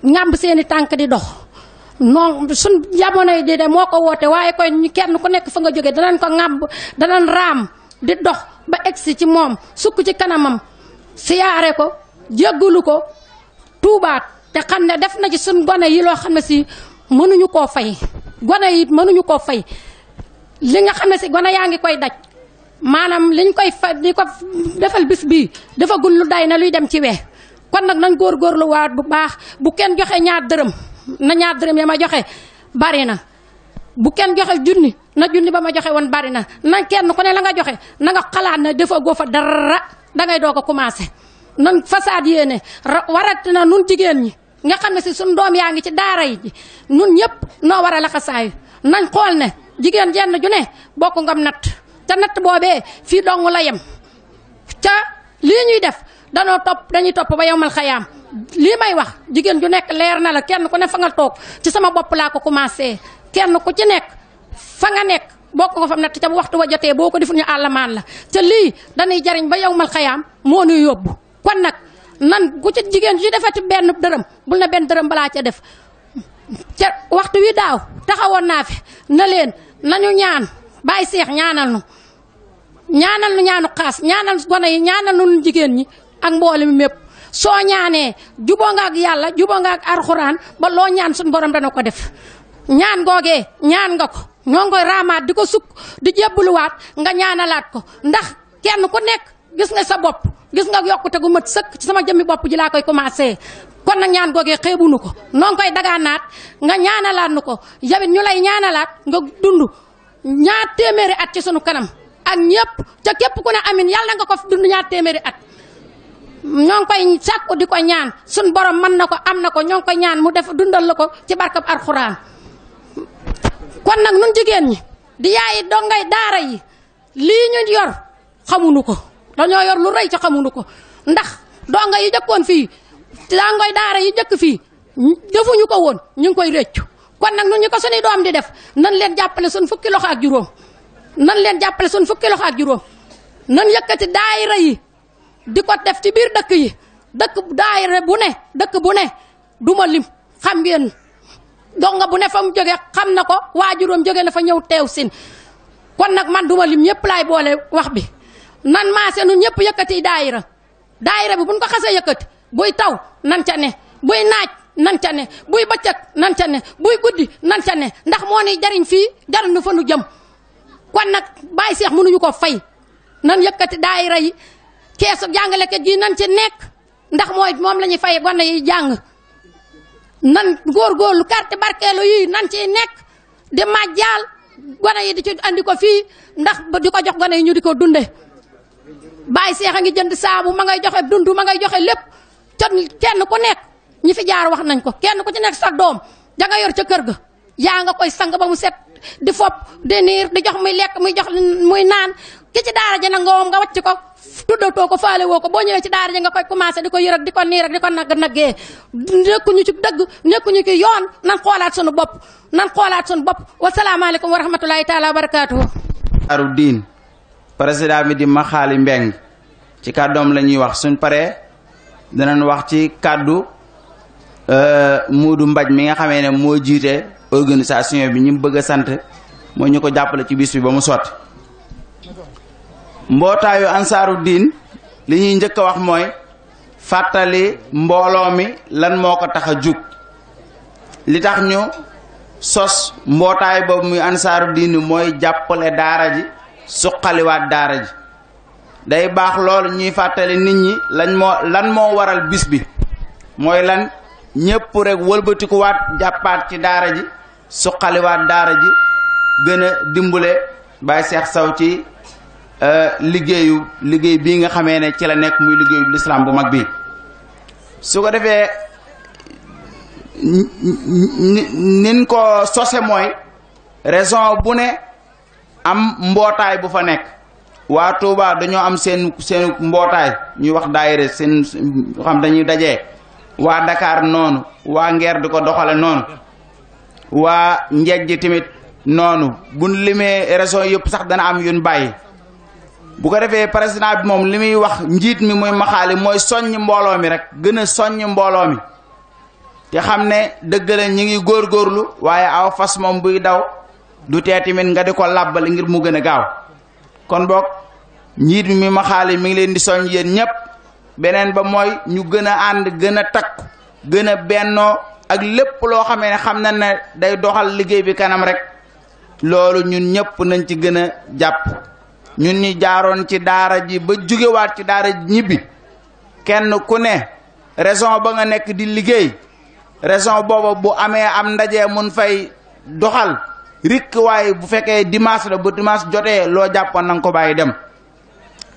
ngàmb seeni tànk di dox noon suñ jamonoy di de moo ko woote waaye koy ñu kenn ku nekk fa nga jóge danañ ko ŋàmb danañ raam di dox ba egsi ci moom sukk ci kanamam siyaare ko jéggulu ko tuubaat te xam ne def na ci suñ gone yi loo xam ne si mënuñu koo fay gone yi mënuñu koo fay li nga xam ne si gone yaa ngi koy daj maanaam liñ koy fa di ko defal bis bii dafa gul lu day na luy dem ci wee kon nag nañ góor góor lu waat bu baax bu kenn joxe ñaar dërëm na ñaar dërëm ya ma joxe bari na bu kenn joxe junni na junni ba ma joxe woon bari na na kenn ku ne la nga joxe na nga xalaat ne dafa goo fa dara dangay doog a commencé nan fasaad yéene warat na nun jigéen ñi nga xam ne si suñ doom yaa ngi ci daara yi nun ñëpp noo war a laxasaayu nañ xool ne jigéen jenn ju ne bokk ngam natt te natt boobee fii dong la yem ca lii ñuy def danoo topp dañuy topp ba yowmal xayaam lii may wax jigéen ju nekk leer na la kenn ku ne fa nga toog ci sama bopp laa ko commencé kenn ku ci nekk fa nga nekk bokk ko fam natt ca bu waxtu wa jotee boo ko deful ñu àllamaan la ca lii dañuy jariñ ba yowmal xayaam moo ñuy yóbbu kon nag nan ku ci jigéen ju defati benn dërëm bul na benn dërëm balaa ca def ca waxtu wi daaw taxawoon naa fi na leen nañu ñaan bàyyi seex ñaanal nu ñaanal nu ñaanu xaas ñaanal gone yi ñaanal nu jigéen ñi ak mboolem mépp soo ñaanee juboo nga ak yàlla juboo nga ak arxuraan ba loo ñaan suñu borom dana ko def ñaan googee ñaan nga ko ñoo ngi koy raamaat di ko sukk di jébbuluwaat nga ñaanalaat ko ndax kenn ku nekk gis nga sa bopp gis nga yokkute gu mat sëkk ci sama jëmmi bopp ji laa koy commencé kon na ñaan googee xeebunu ko noo ngi koy dagaanaat nga ñaanalaat nu ko yawit ñu lay ñaanalaat nga dund ñaar téeméeri at ci sunu kanam ak ñëpp ca képp ku ne amin yàlla nga ko dund ñaar téeméeri at ñoo ngi koy sàkku di ko ñaan sun borom man na ko am na ko ñoo ngi ñaan mu def dundal la ko ci barkab alxuraan kon nag nun jigéen ñi di yaayi dongay daara yi lii ñu yor xamuñu ko dañoo yor lu rëy ci xamuñu ko ndax donga yi jëkkoon fii dongoy daara yi jëkk fii defuñu ko woon ñu ngi koy réccu kon nag nun ñu ko suñuy doom di def nan leen jàppale sun fukki loxo ak juróom nan leen jàppale sun fukki loxo ak juróom nan yëkkati daayira yi di ko def ci biir dëkk yi dëkk daayira bu ne dëkk bu ne du lim xam ngeen donga bu ne fa mu jóge xam na ko waa juróom jóge na fa ñëw teew sin kon nag man duma lim ñëpp laay boole wax bi nan maase nu ñëpp yëkkati daayira daayira bi buñ ko xasee yëkkati buy taw nan ca ne buy naaj nan ca ne buy bëccëg nan ca ne buy guddi nan ca ne ndax moo ni jariñ fii jariñu fa nu jëm kon nag Baye Cheikh mënuñu ko fay nan kati daayira yi keesu jàngalekat yi nan ci nekk ndax mooy moom lañuy ñuy fay gone yi jàng nan góorgóorlu carte barkeelu yi nan ciy nekk di màjjaal gone yi di ci andi ko fii ndax di ko jox gone yi ñu di ko dunde Baye Cheikh a ngi jënd saabu ma ngay joxe dund ma ngay joxe lépp con kenn ku nekk ñi fi jaar wax nañ ko kenn ku ci nekk sa doom danga yor ca kër ga yaa nga koy sang ba mu set di fopp di niir di jox muy lekk muy jox muy naan ki ci daara ji nag nga moom nga wàcc ko tuddatoo ko faale woo ko boo ñëwee ci daara ji nga koy commencé di ko yër di ko niir ak di ko nag naggee nekkuñu ci dëgg nekkuñu ci yoon nan xoolaat sunu bopp nan xoolaat sunu bopp wasalaamaaleykum wa rahmatulahi taala wa barakaatuhu aru bi di maxaali mbeng ci kàddoom la ñuy wax suñ paree danañ wax ci kàddu euh, muudu mbaj mi nga xamee ne moo jiite organisation bi ñi mu bëgg sant mooy ñu ko jàppale ci bis bi ba mu sotti mbootaayu ansaaru diin li ñuy njëkk a wax mooy fàttali mbooloo mi lan moo ko tax a jug li tax ñu sos mbootaay boobu muy ansaaru diin mooy jàppale daara ji suqaliwaat daara ji day baax loolu ñuy fàttali nit ñi lañ moo lan moo waral bis bi mooy lan ñépp rek wëlbatikuwaat jàppaat ci daara ji suqaliwaat daara ji gën a dimbale Baye saw ci euh, liggéeyu liggéey bii nga xamee ne ci la nekk muy liggéeyu lislaam bu mag bi su ko defee nin ko sose mooy raison bu ne am mbootaay bu fa nekk waa Touba dañoo am seen seen mbootaay ñuy wax daayira seen xam dañuy dajee waa Dakar noonu waa Ngeer di ko doxale noonu waa njeej ji tamit noonu buñ limee reson yëpp sax dana am yun bàyyi bu ko defee président bi moom li muy wax njiit mi muy maxaali mooy soññ mbooloo mi rek gën a soññ mbooloo mi te xam ne dëgg la ñi ngi góorlu waaye aw fas moom buy daw du tee tamit nga di ko làbbal ngir mu gën a gaaw kon boog njiit mi muy maxaali mi ngi leen di soññ yéen ñëpp beneen ba mooy ñu gën a ànd gën a takku gën a bennoo ak lépp loo xamee ne xam na ne day doxal liggéey bi kanam rek loolu ñun ñëpp nañ ci gën a jàpp ñun ñi jaaroon ci daara ji ba jugewaat ci daara ji ñibbi kenn ku ne raison ba nga nekk di liggéey raison booba bu amee am ndaje mun fay doxal rikk waaye bu fekkee dimanche la bu dimanche jotee loo jàppoon na ko bàyyi dem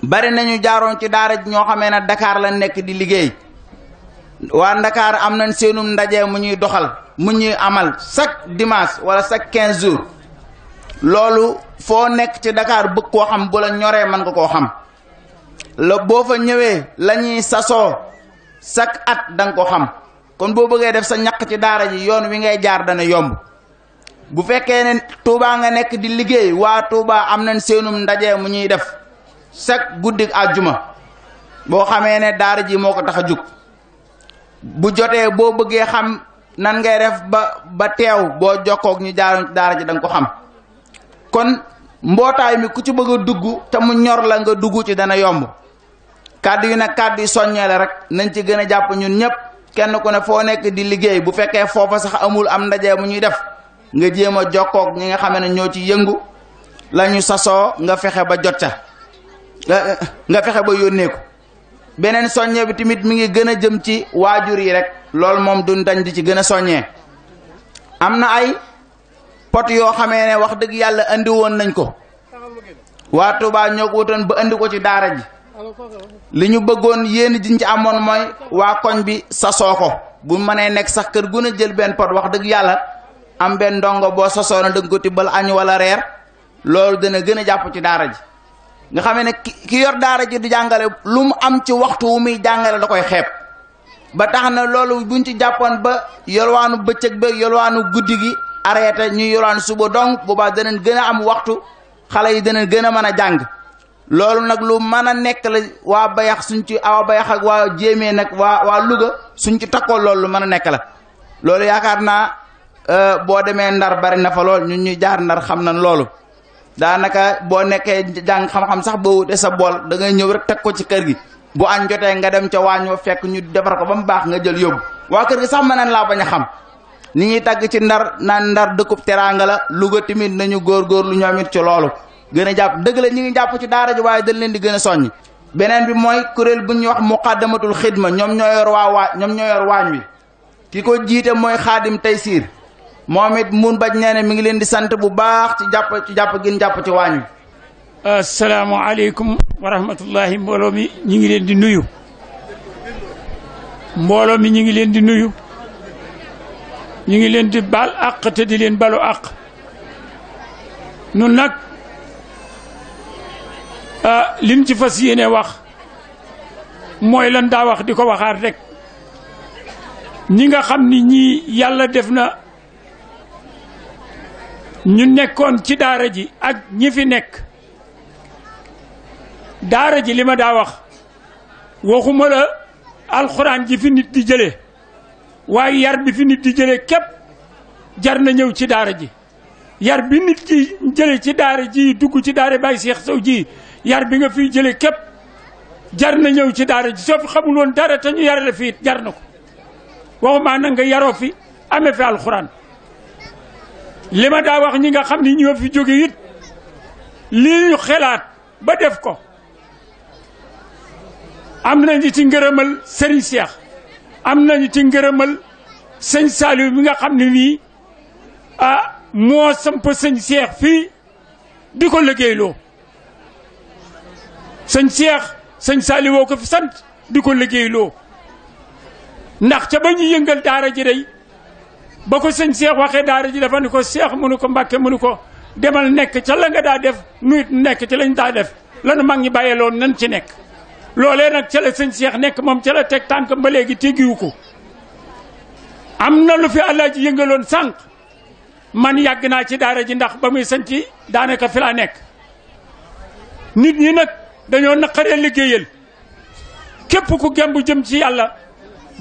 bari nañu jaaroon ci daara ji ñoo xamee ne Dakar la nekk di liggéey waa Ndakaar am nañ seenum ndaje mu ñuy doxal mu ñuy amal chaque dimanche wala chaque quinze jours loolu foo nekk ci dakaar bëgg koo xam bu la ñoree mën nga koo xam la boo fa ñëwee lañuy ñuy sasoo chaque at danga nga ko xam kon boo bëggee def sa ñaq ci daara ji yoon wi ngay jaar dana yomb bu fekkee ne Touba nga nekk di liggéey waa tuubaa am nañ seenum ndaje mu ñuy def chaque guddi àjjuma boo xamee ne daara ji moo ko tax a jug bu jotee boo bëggee xam nan ngay def ba ba teew boo jokkook ñu jaaroon ci ji da ko xam kon mbootaay mi ku ci bëgg a dugg te mu ñor la nga dugg ci dana yomb kàddu yi nag kàddu yi soññee la rek nañ ci gën a jàpp ñun ñëpp kenn ku ne foo nekk di liggéey bu fekkee foofa sax amul am ndaje mu ñuy def nga jéem a jokkoog ñi nga xam ne ñoo ci yëngu la ñu sasoo nga fexe ba jot ca Eh, eh, nga fexe ba yónnee ko beneen soññe bi tamit mu ngi gën a jëm ci waajur yi rek lool moom duñ dañ di ci gën a soññee am na ay pot yoo xamee ne wax dëgg yàlla andi woon nañ ko waa Touba ñoo ko wutoon ba indi ko ci daara ji li ñu bëggoon yéen jiñ ci amoon mooy waa koñ bi sasoo ko bu mënee nekk sax kër gu ne jël benn pot wax dëgg yàlla am benn dongo boo sasoo na dëgg ko tibbal añ wala reer loolu dana gën a jàpp ci daara ji nga xamee ne ki yor daara ji di jàngale lu mu am ci waxtu wu muy jàngale da koy xeeb ba tax na loolu buñ ci jàppoon ba yolwaanu bëccëg ba yolwaanu guddi gi arrêté ñuy yolwaan suba donc boobaa danañ gën a am waxtu xale yi dana gën a mën a jàng loolu nag lu mën a nekk la waa bayax suñ ci waa bayax ak waa jéemee nag waa waa Louga suñ ci takkoo loolu lu mën a nekk la loolu yaakaar naa euh, boo demee ndar bari na fa lool ñu ñuy jaar ndar xam na loolu daanaka boo nekkee jàng xam-xam sax boobu de sa bool da ngay ñëw rek teg ko ci kër gi bu añ jotee nga dem ca waañ wa fekk ñu defar ko ba mu baax nga jël yóbbu waa kër gi sax mën nañ laa bañ a xam ni ñuy tàgg ci ndar naan ndar dëkkub teraanga la Louga tamit nañu góorgóorlu ñoom it ci loolu gën a jàpp dëgg la ñi ngi jàpp ci daara ji waaye dañ leen di gën a soññ beneen bi mooy kuréel bu ñuy wax muqaddamatul xidma ñoom ñoo yor waa waa ñoom ñoo yor waañ wi ki ko jiite mooy xaadim taysiir moom it mun baj nee ne mi ngi leen di sant bu baax ci jàpp ci jàpp gin jàpp ci waañ wi asalaamaaleykum wa mbooloo mi ñi ngi leen di nuyu mbooloo mi ñi ngi leen di nuyu ñi ngi leen di baal àq te di leen balu àq nun nag liñ ci fas yéene wax mooy lan daa wax di ko waxaat rek ñi nga xam ni ñii yàlla def na ñu nekkoon ci daara ji ak ñi fi nekk daara ji li ma daa wax waxuma la alxuraan ji fi nit di jëlee waaye yar bi fi nit di jëlee képp jar na ñëw ci daara ji yar bi nit ki jële ci daara ji dugg ci daara bàyyi seex sow ji yar bi nga fi jële képp jar na ñëw ci daara ji soo fi xamul woon dara te ñu yar fii jar na ko waxumaa na nga yaroo fi amee fi alxuraan li ma daa wax ñi nga xam ni ñoo fi jóge it lii ñu xelaat ba def ko am nañu ci ngërëmal Serigne Cheikh am nañu ci ngërëmal sëñ Saliou bi nga xam ne nii ah moo sëmp sëñ Cheikh fii di ko liggéeyloo sëñ Cheikh sëñ Saliou woo ko fi sant di ko liggéeyloo ndax ca ba ñu yëngal daara ji day ba ko sëñ Cheikh waxee daara ji dafa ni ko Cheikh mënu ko Mbàkke mënu ko demal nekk ca la nga daa def nuyit nekk ci lañ daa def lanu mag ñi bàyyee loon nan ci nekk loolee nag ca la sëñ Cheikh nekk moom ca la teg tànk ba léegi teggiwu ko am na lu fi Alaaji yëngaloon sànq man yàgg naa ci daara ji ndax ba muy ci daanaka fi laa nekk nit ñi nag dañoo naqaree liggéeyal képp ku gembu jëm ci yàlla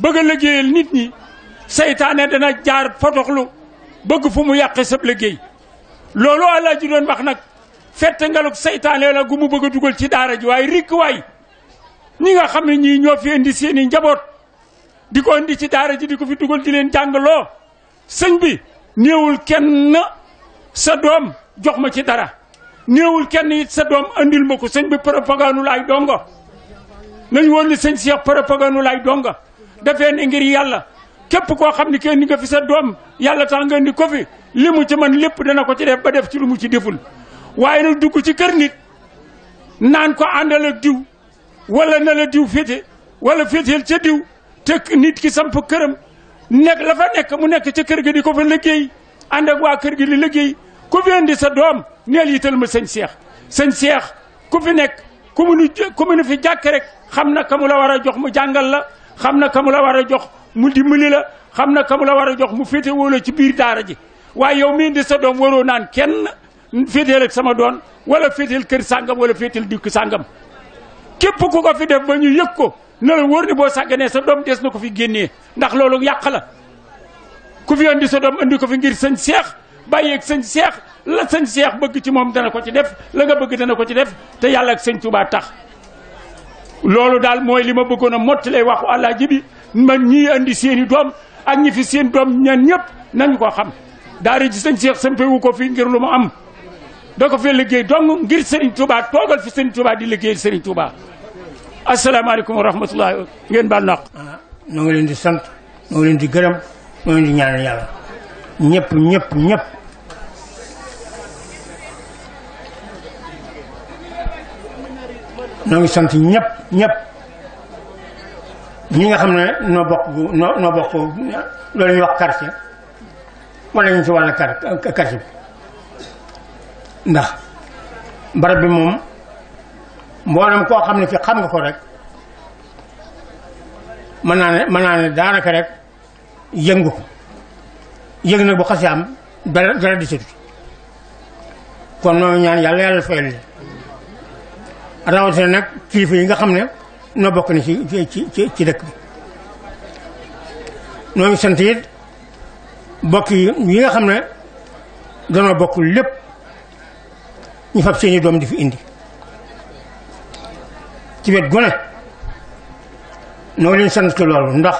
bëgg a nit ñi seytaane dana jaar fotoxlu bëgg fu mu yàqe sab liggéey loolu alaaji doon wax nag fett ngaluk seytaane la gu mu bëgg a dugal ci daara ji waaye rikk waay ñi nga xam ne ñii ñoo fi indi seeni njaboot di ko indi ci daara ji di ko fi dugal di leen jàngaloo sëñ bi néewul kenn sa doom jox ma ci dara néewul kenn it sa doom andil ma ko sëñ bi propagande laay dongo nañ woon ni sëñ Cheikh propagande laay dongo dafee ne ngir yàlla képp koo xam ni kenn ni nga fi sa doom yàlla tax nga indi ko fi li mu ci man lépp dana ko ci def ba def ci lu mu ci deful waaye nag dugg ci kër nit naan ko àndal ak diw wala na la diw féete wala féeteel ca diw te nit ki samp këram nekk la fa nekk mu nekk ci kër gi di ko fa liggéey ànd waa kër gi di liggéey ku fi indi sa doom neel yital ma sëñ Cheikh sëñ Cheikh ko fi nekk ku mu nu fi jàkk rek xam na ka mu la war a jox mu jàngal la xam na ka mu la war a jox mu dimbali la xam na ka mu la war a jox mu féete woo ci biir daara ji waaye yow mii di sa doom waroo naan kenn féeteel ak sama doon wala féeteel kër sàngam wala féeteel dikk sàngam képp ku ko fi def ba ñu yëg ko na la ni boo sàgganee sa doom des na ko fi génnee ndax loolu yàq la ku fi andi sa doom andi ko fi ngir sëñ seex bàyyeek sëñ seex la sëñ seex bëgg ci moom dana ko ci def la nga bëgg dana ko ci def te yàlla ak sëñ Tuubaa tax loolu daal mooy li ma bëggoon a mottalee waxu àllaaji bi mag ñii andi seen doom ak ñi fi seen doom ñan ñëpp nañu ko xam daara ji sëñ Cheikh sampe ko fi ngir lu mu am da ko fee liggéey dong ngir Serigne Touba toogal fi Serigne Touba di liggéey Serigne Touba asalaamaaleykum wa rahmatulah ngeen baal naq. Ah, noo ngi leen di sant noo ngi leen di gërëm noo ngi leen di ñaanal yàlla ñëpp ñëpp ñëpp. noo ngi sant ñëpp ñëpp. ñi nga xam ne noo bokk noo noo bokk loolu ñuy wax quartier wala ñu ci wàllu quartier bi ndax barab bi moom mboolam koo xam ne fi xam nga ko rek mën naa ne mën naa ne daanaka rek yëngu ko yëng nag bu xasee am dara dara di sut kon noonu ñaan yàlla yàlla fayal li rawatina nag kilifa yi nga xam ne noo bokk ni ci ci ci ci dëkk bi noo ngi sant it bokk yi nga xam ne danoo bokk lépp ñu fab seeni doom di fi indi ci wet gone noo leen sant ci loolu ndax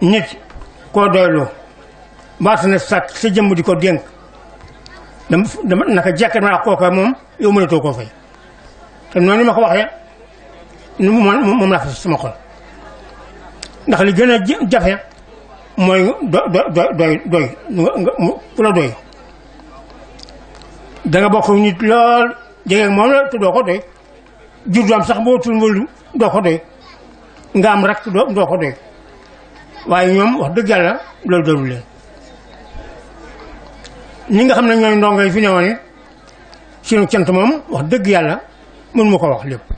nit koo doyloo baata na sàkk sa jëmm di ko dénk dama dama naka jàkk naa kooka moom yow mënatoo koo fay te noonu ma ko waxee nu mu mën moom laa fas sama xol ndax li gën a jafe mooy do do doy doy ku la doy danga bokk nit lool jege moom la te doo ko doy jur doom sax boo tul mbalu doo ko doy nga am rek doo ko doy waaye ñoom wax dëgg yàlla loolu doyul leen ñi nga xam ne ñooy ndongo yi fi newoon sunu cant moom wax dëgg yàlla mën mu ko wax lépp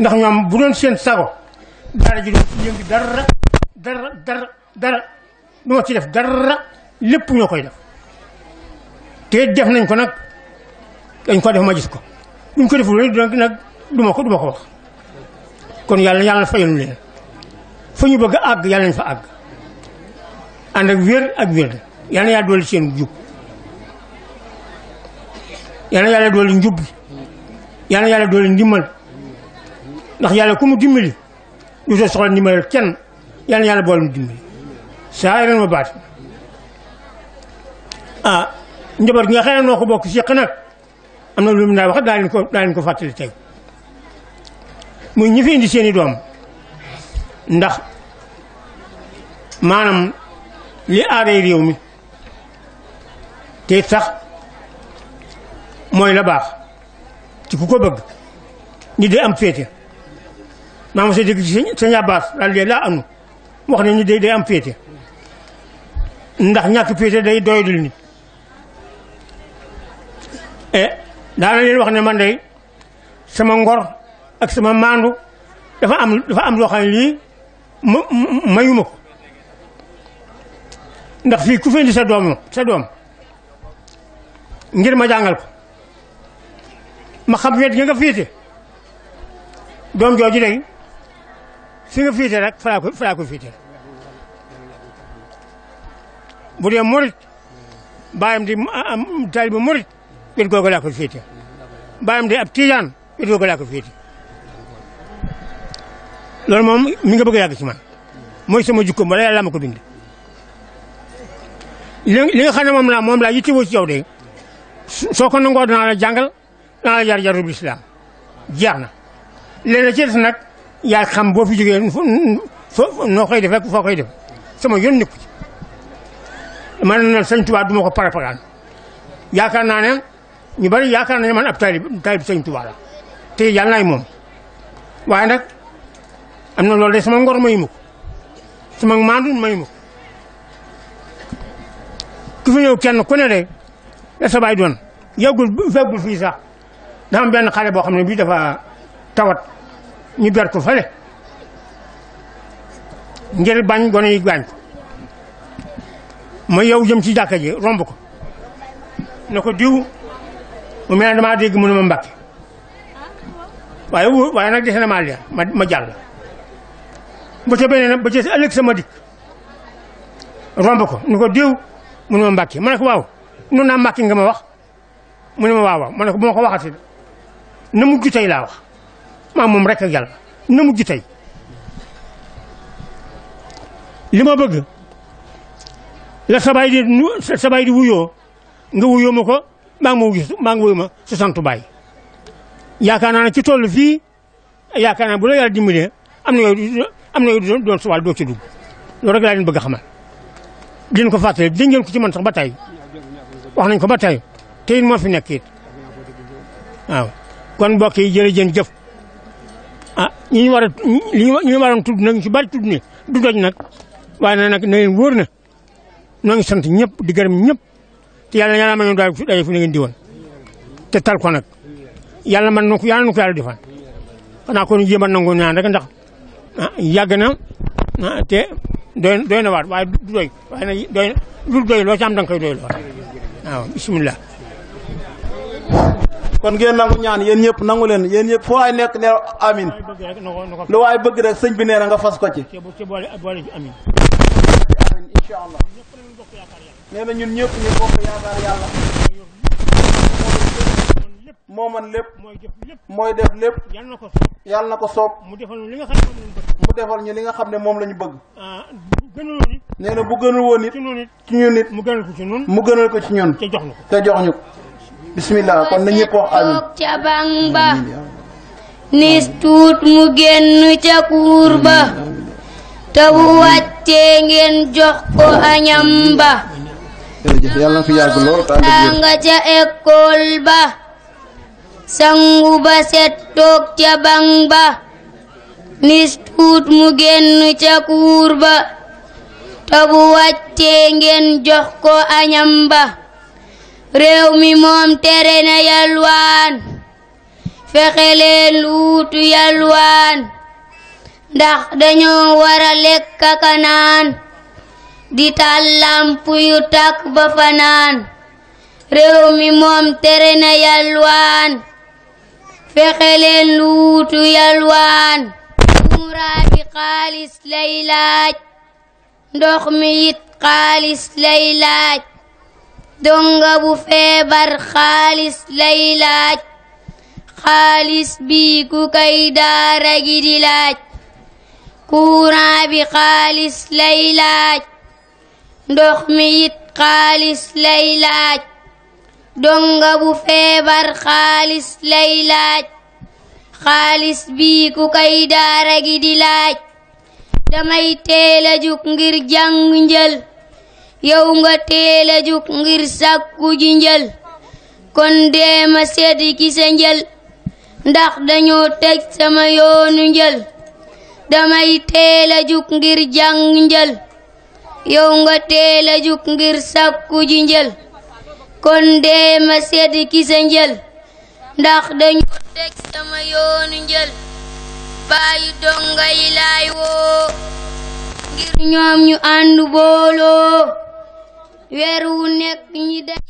ndax ñoom bu doon seen sago daara ji doon ci yëngu dara dara dara dara ci def dara lépp ñoo koy def te def nañ ko nag dañ ko def ma gis ko buñ ko deful nag du ma ko du ma ko wax kon yàlla yàlla fayal leen fa ñu bëgg a àgg yàlla nañ fa àgg ànd ak wér ak wér yàlla na yàlla dolli seen jub yàlla na yàlla dolli njub yàlla na yàlla dolli ndimbal. ndax yàlla ku mu dimbali du soxla ndimbal kenn yàlla yàlla boole mu dimbali saa ren ma baat ah njaboot gi nga xam ne noo ko bokk séq nag am na lu mu daa wax daa leen ko daa leen ko fàttali tey muy ñi fi indi seen doom ndax maanaam li aaday réew mi te tax mooy la baax ci ku ko bëgg ñi de am féete maa ngi sa dégg ci sëñ Abbas daal laa anu wax ne ni day day am féete ndax ñàkk féete day doyadul nit e eh, daana leen wax ne man day sama ngor ak sama maandu dafa am dafa am loo xam lii ma mayuma ndax fii ku fi indi sa doom sa doom ngir ma jàngal ko ma xam wet nga nga féete doom jooju day fi nga fiite rek falaa ko falaa ko fiite bu dee murit bàyyam di am taalibu murit wet googu laa ko fiite bàyyam di ab tiijaan wet googu laa ko fiite loolu moom mi nga bëgg a yàgg ci man mooy sama jukkoom wala yàlla ma ko bind li nga xam ne moom laa moom laa yittewoo ci yow de soo ko nangoo danaa la jàngal danaa la jar jarub lislaam jeex na nag yaa xam boo fi jógee foo noo koy de rek foo koy def sama yoon nekku ci man na sëñ Tuubaa du ma ko paraparaan yaakaar naa ne ñu bari yaakaar nañu man ab taalib taalib sëñ Tuubaa la te yàlla naay moom waaye nag am na loolu de sama ngor mayu ma ko sama maandu mayu ma ko ku fi ñëw kenn ku ne de la sa baay doon yàggul feggul fii sax dafa benn xale boo xam ne bii dafa tawat ñu ber ko fële ngir bañ gone yi gaañ ko ma yow jëm ci jàkka ji romb ko ne ko diw mu mel ne damaa dégg mënu ma mbàkke waaye wóor waaye nag dese na maa leer ma ma jàll ba ca beneen nag ba ca sama dikk romb ko ni ko diw mënu ma mbàkke ma ne ko waaw noonu naa mbàkke nga ma wax mu ne ma waaw ma ne ko bu ma ko waxati na mujj tey laa wax maa moom rek ak yàlla na mujj tey li ma bëgg la sabaay di nu sabaay di wuyoo nga wuyoo ma maa ngi ma ma su santu baay yaakaar naa ci toll fii yaakaar naa bu la yàlla am na yooyu doon suwaal doo ci dugg loolu rek laa leen a xamal dinañ ko fàttali dégg ngeen ko ci man sax ba tey wax nañ ko ba tey te it moo fi nekk waaw kon mbokk yi jërëjëf jëf ah ñi ñu war a ñi ñu waroon tudd nag ñu si bari tudd ne du doj nag waaye na nag na na ñoo ngi sant ñëpp di gërëm ñëpp te yàlla yàlla ma ñu daal fi daje fi na ngeen tal ko nag yàlla man na ko yàlla na ko yàlla defal xanaa kon jéem a nangu ñaan rek ah, na ah, te doy doy waaye du doy waaye nag doy lu doy loo ci am da nga koy kon ngeen nangu ñaan yéen ñëpp nangu leen yéen ñëpp foo ay nekk ne amin lu waay bëgg rek sëñ bi nee na nga fas ko ci amin incha allah nee na ñun ñëpp ñu bokk yaakaar yàlla moo man lépp mooy def lépp yàlla na ko soob mu defal ñu li nga xam ne moom la ñu bëgg ah, nee na bu gënul woon it ci ñun it mu gënal ko ci ñun te jox ñu ko bismillah kon na ñëpp wax amiin ca bang ba nis mu génn ca kuur ba te bu wàccee jox ko añam ba jërëjëf yàlla na fi yàgg lool nga ca école ba sangu ba set toog ca bang ba nis mu génn ca kuur ba te bu wàccee ngeen jox ko añam ba réew mi moom tere na yalwaan fexe leen luutu yalwaan ndax dañoo war a lekk naan di taal lamp yu takk naan réew mi moom tere na yalwaan fexe leen luutu yalwaan muraabi xaalis lay laaj ndox mi it xaalis lay laaj donga bu feebar xaalis lay laaj xaalis bi kay daara gi laaj courant xaalis lay laaj lay laaj donga bu feebar xaalis lay laaj xaalis bi kay daara gi laaj damay teel a ngir jàng njël yow nga teela jug ngir sàkku ji njël kon deema seet njël ndax dañoo teg sama yoonu njël damay teela jug ngir jàng njël yow nga teela jug ngir sàkku ji njël kon deema seet ki sa njël ndax dañoo teg yoonu njël bàyyi donga woo ngir ñoom ñu ànd booloo weer wu nekk ñi def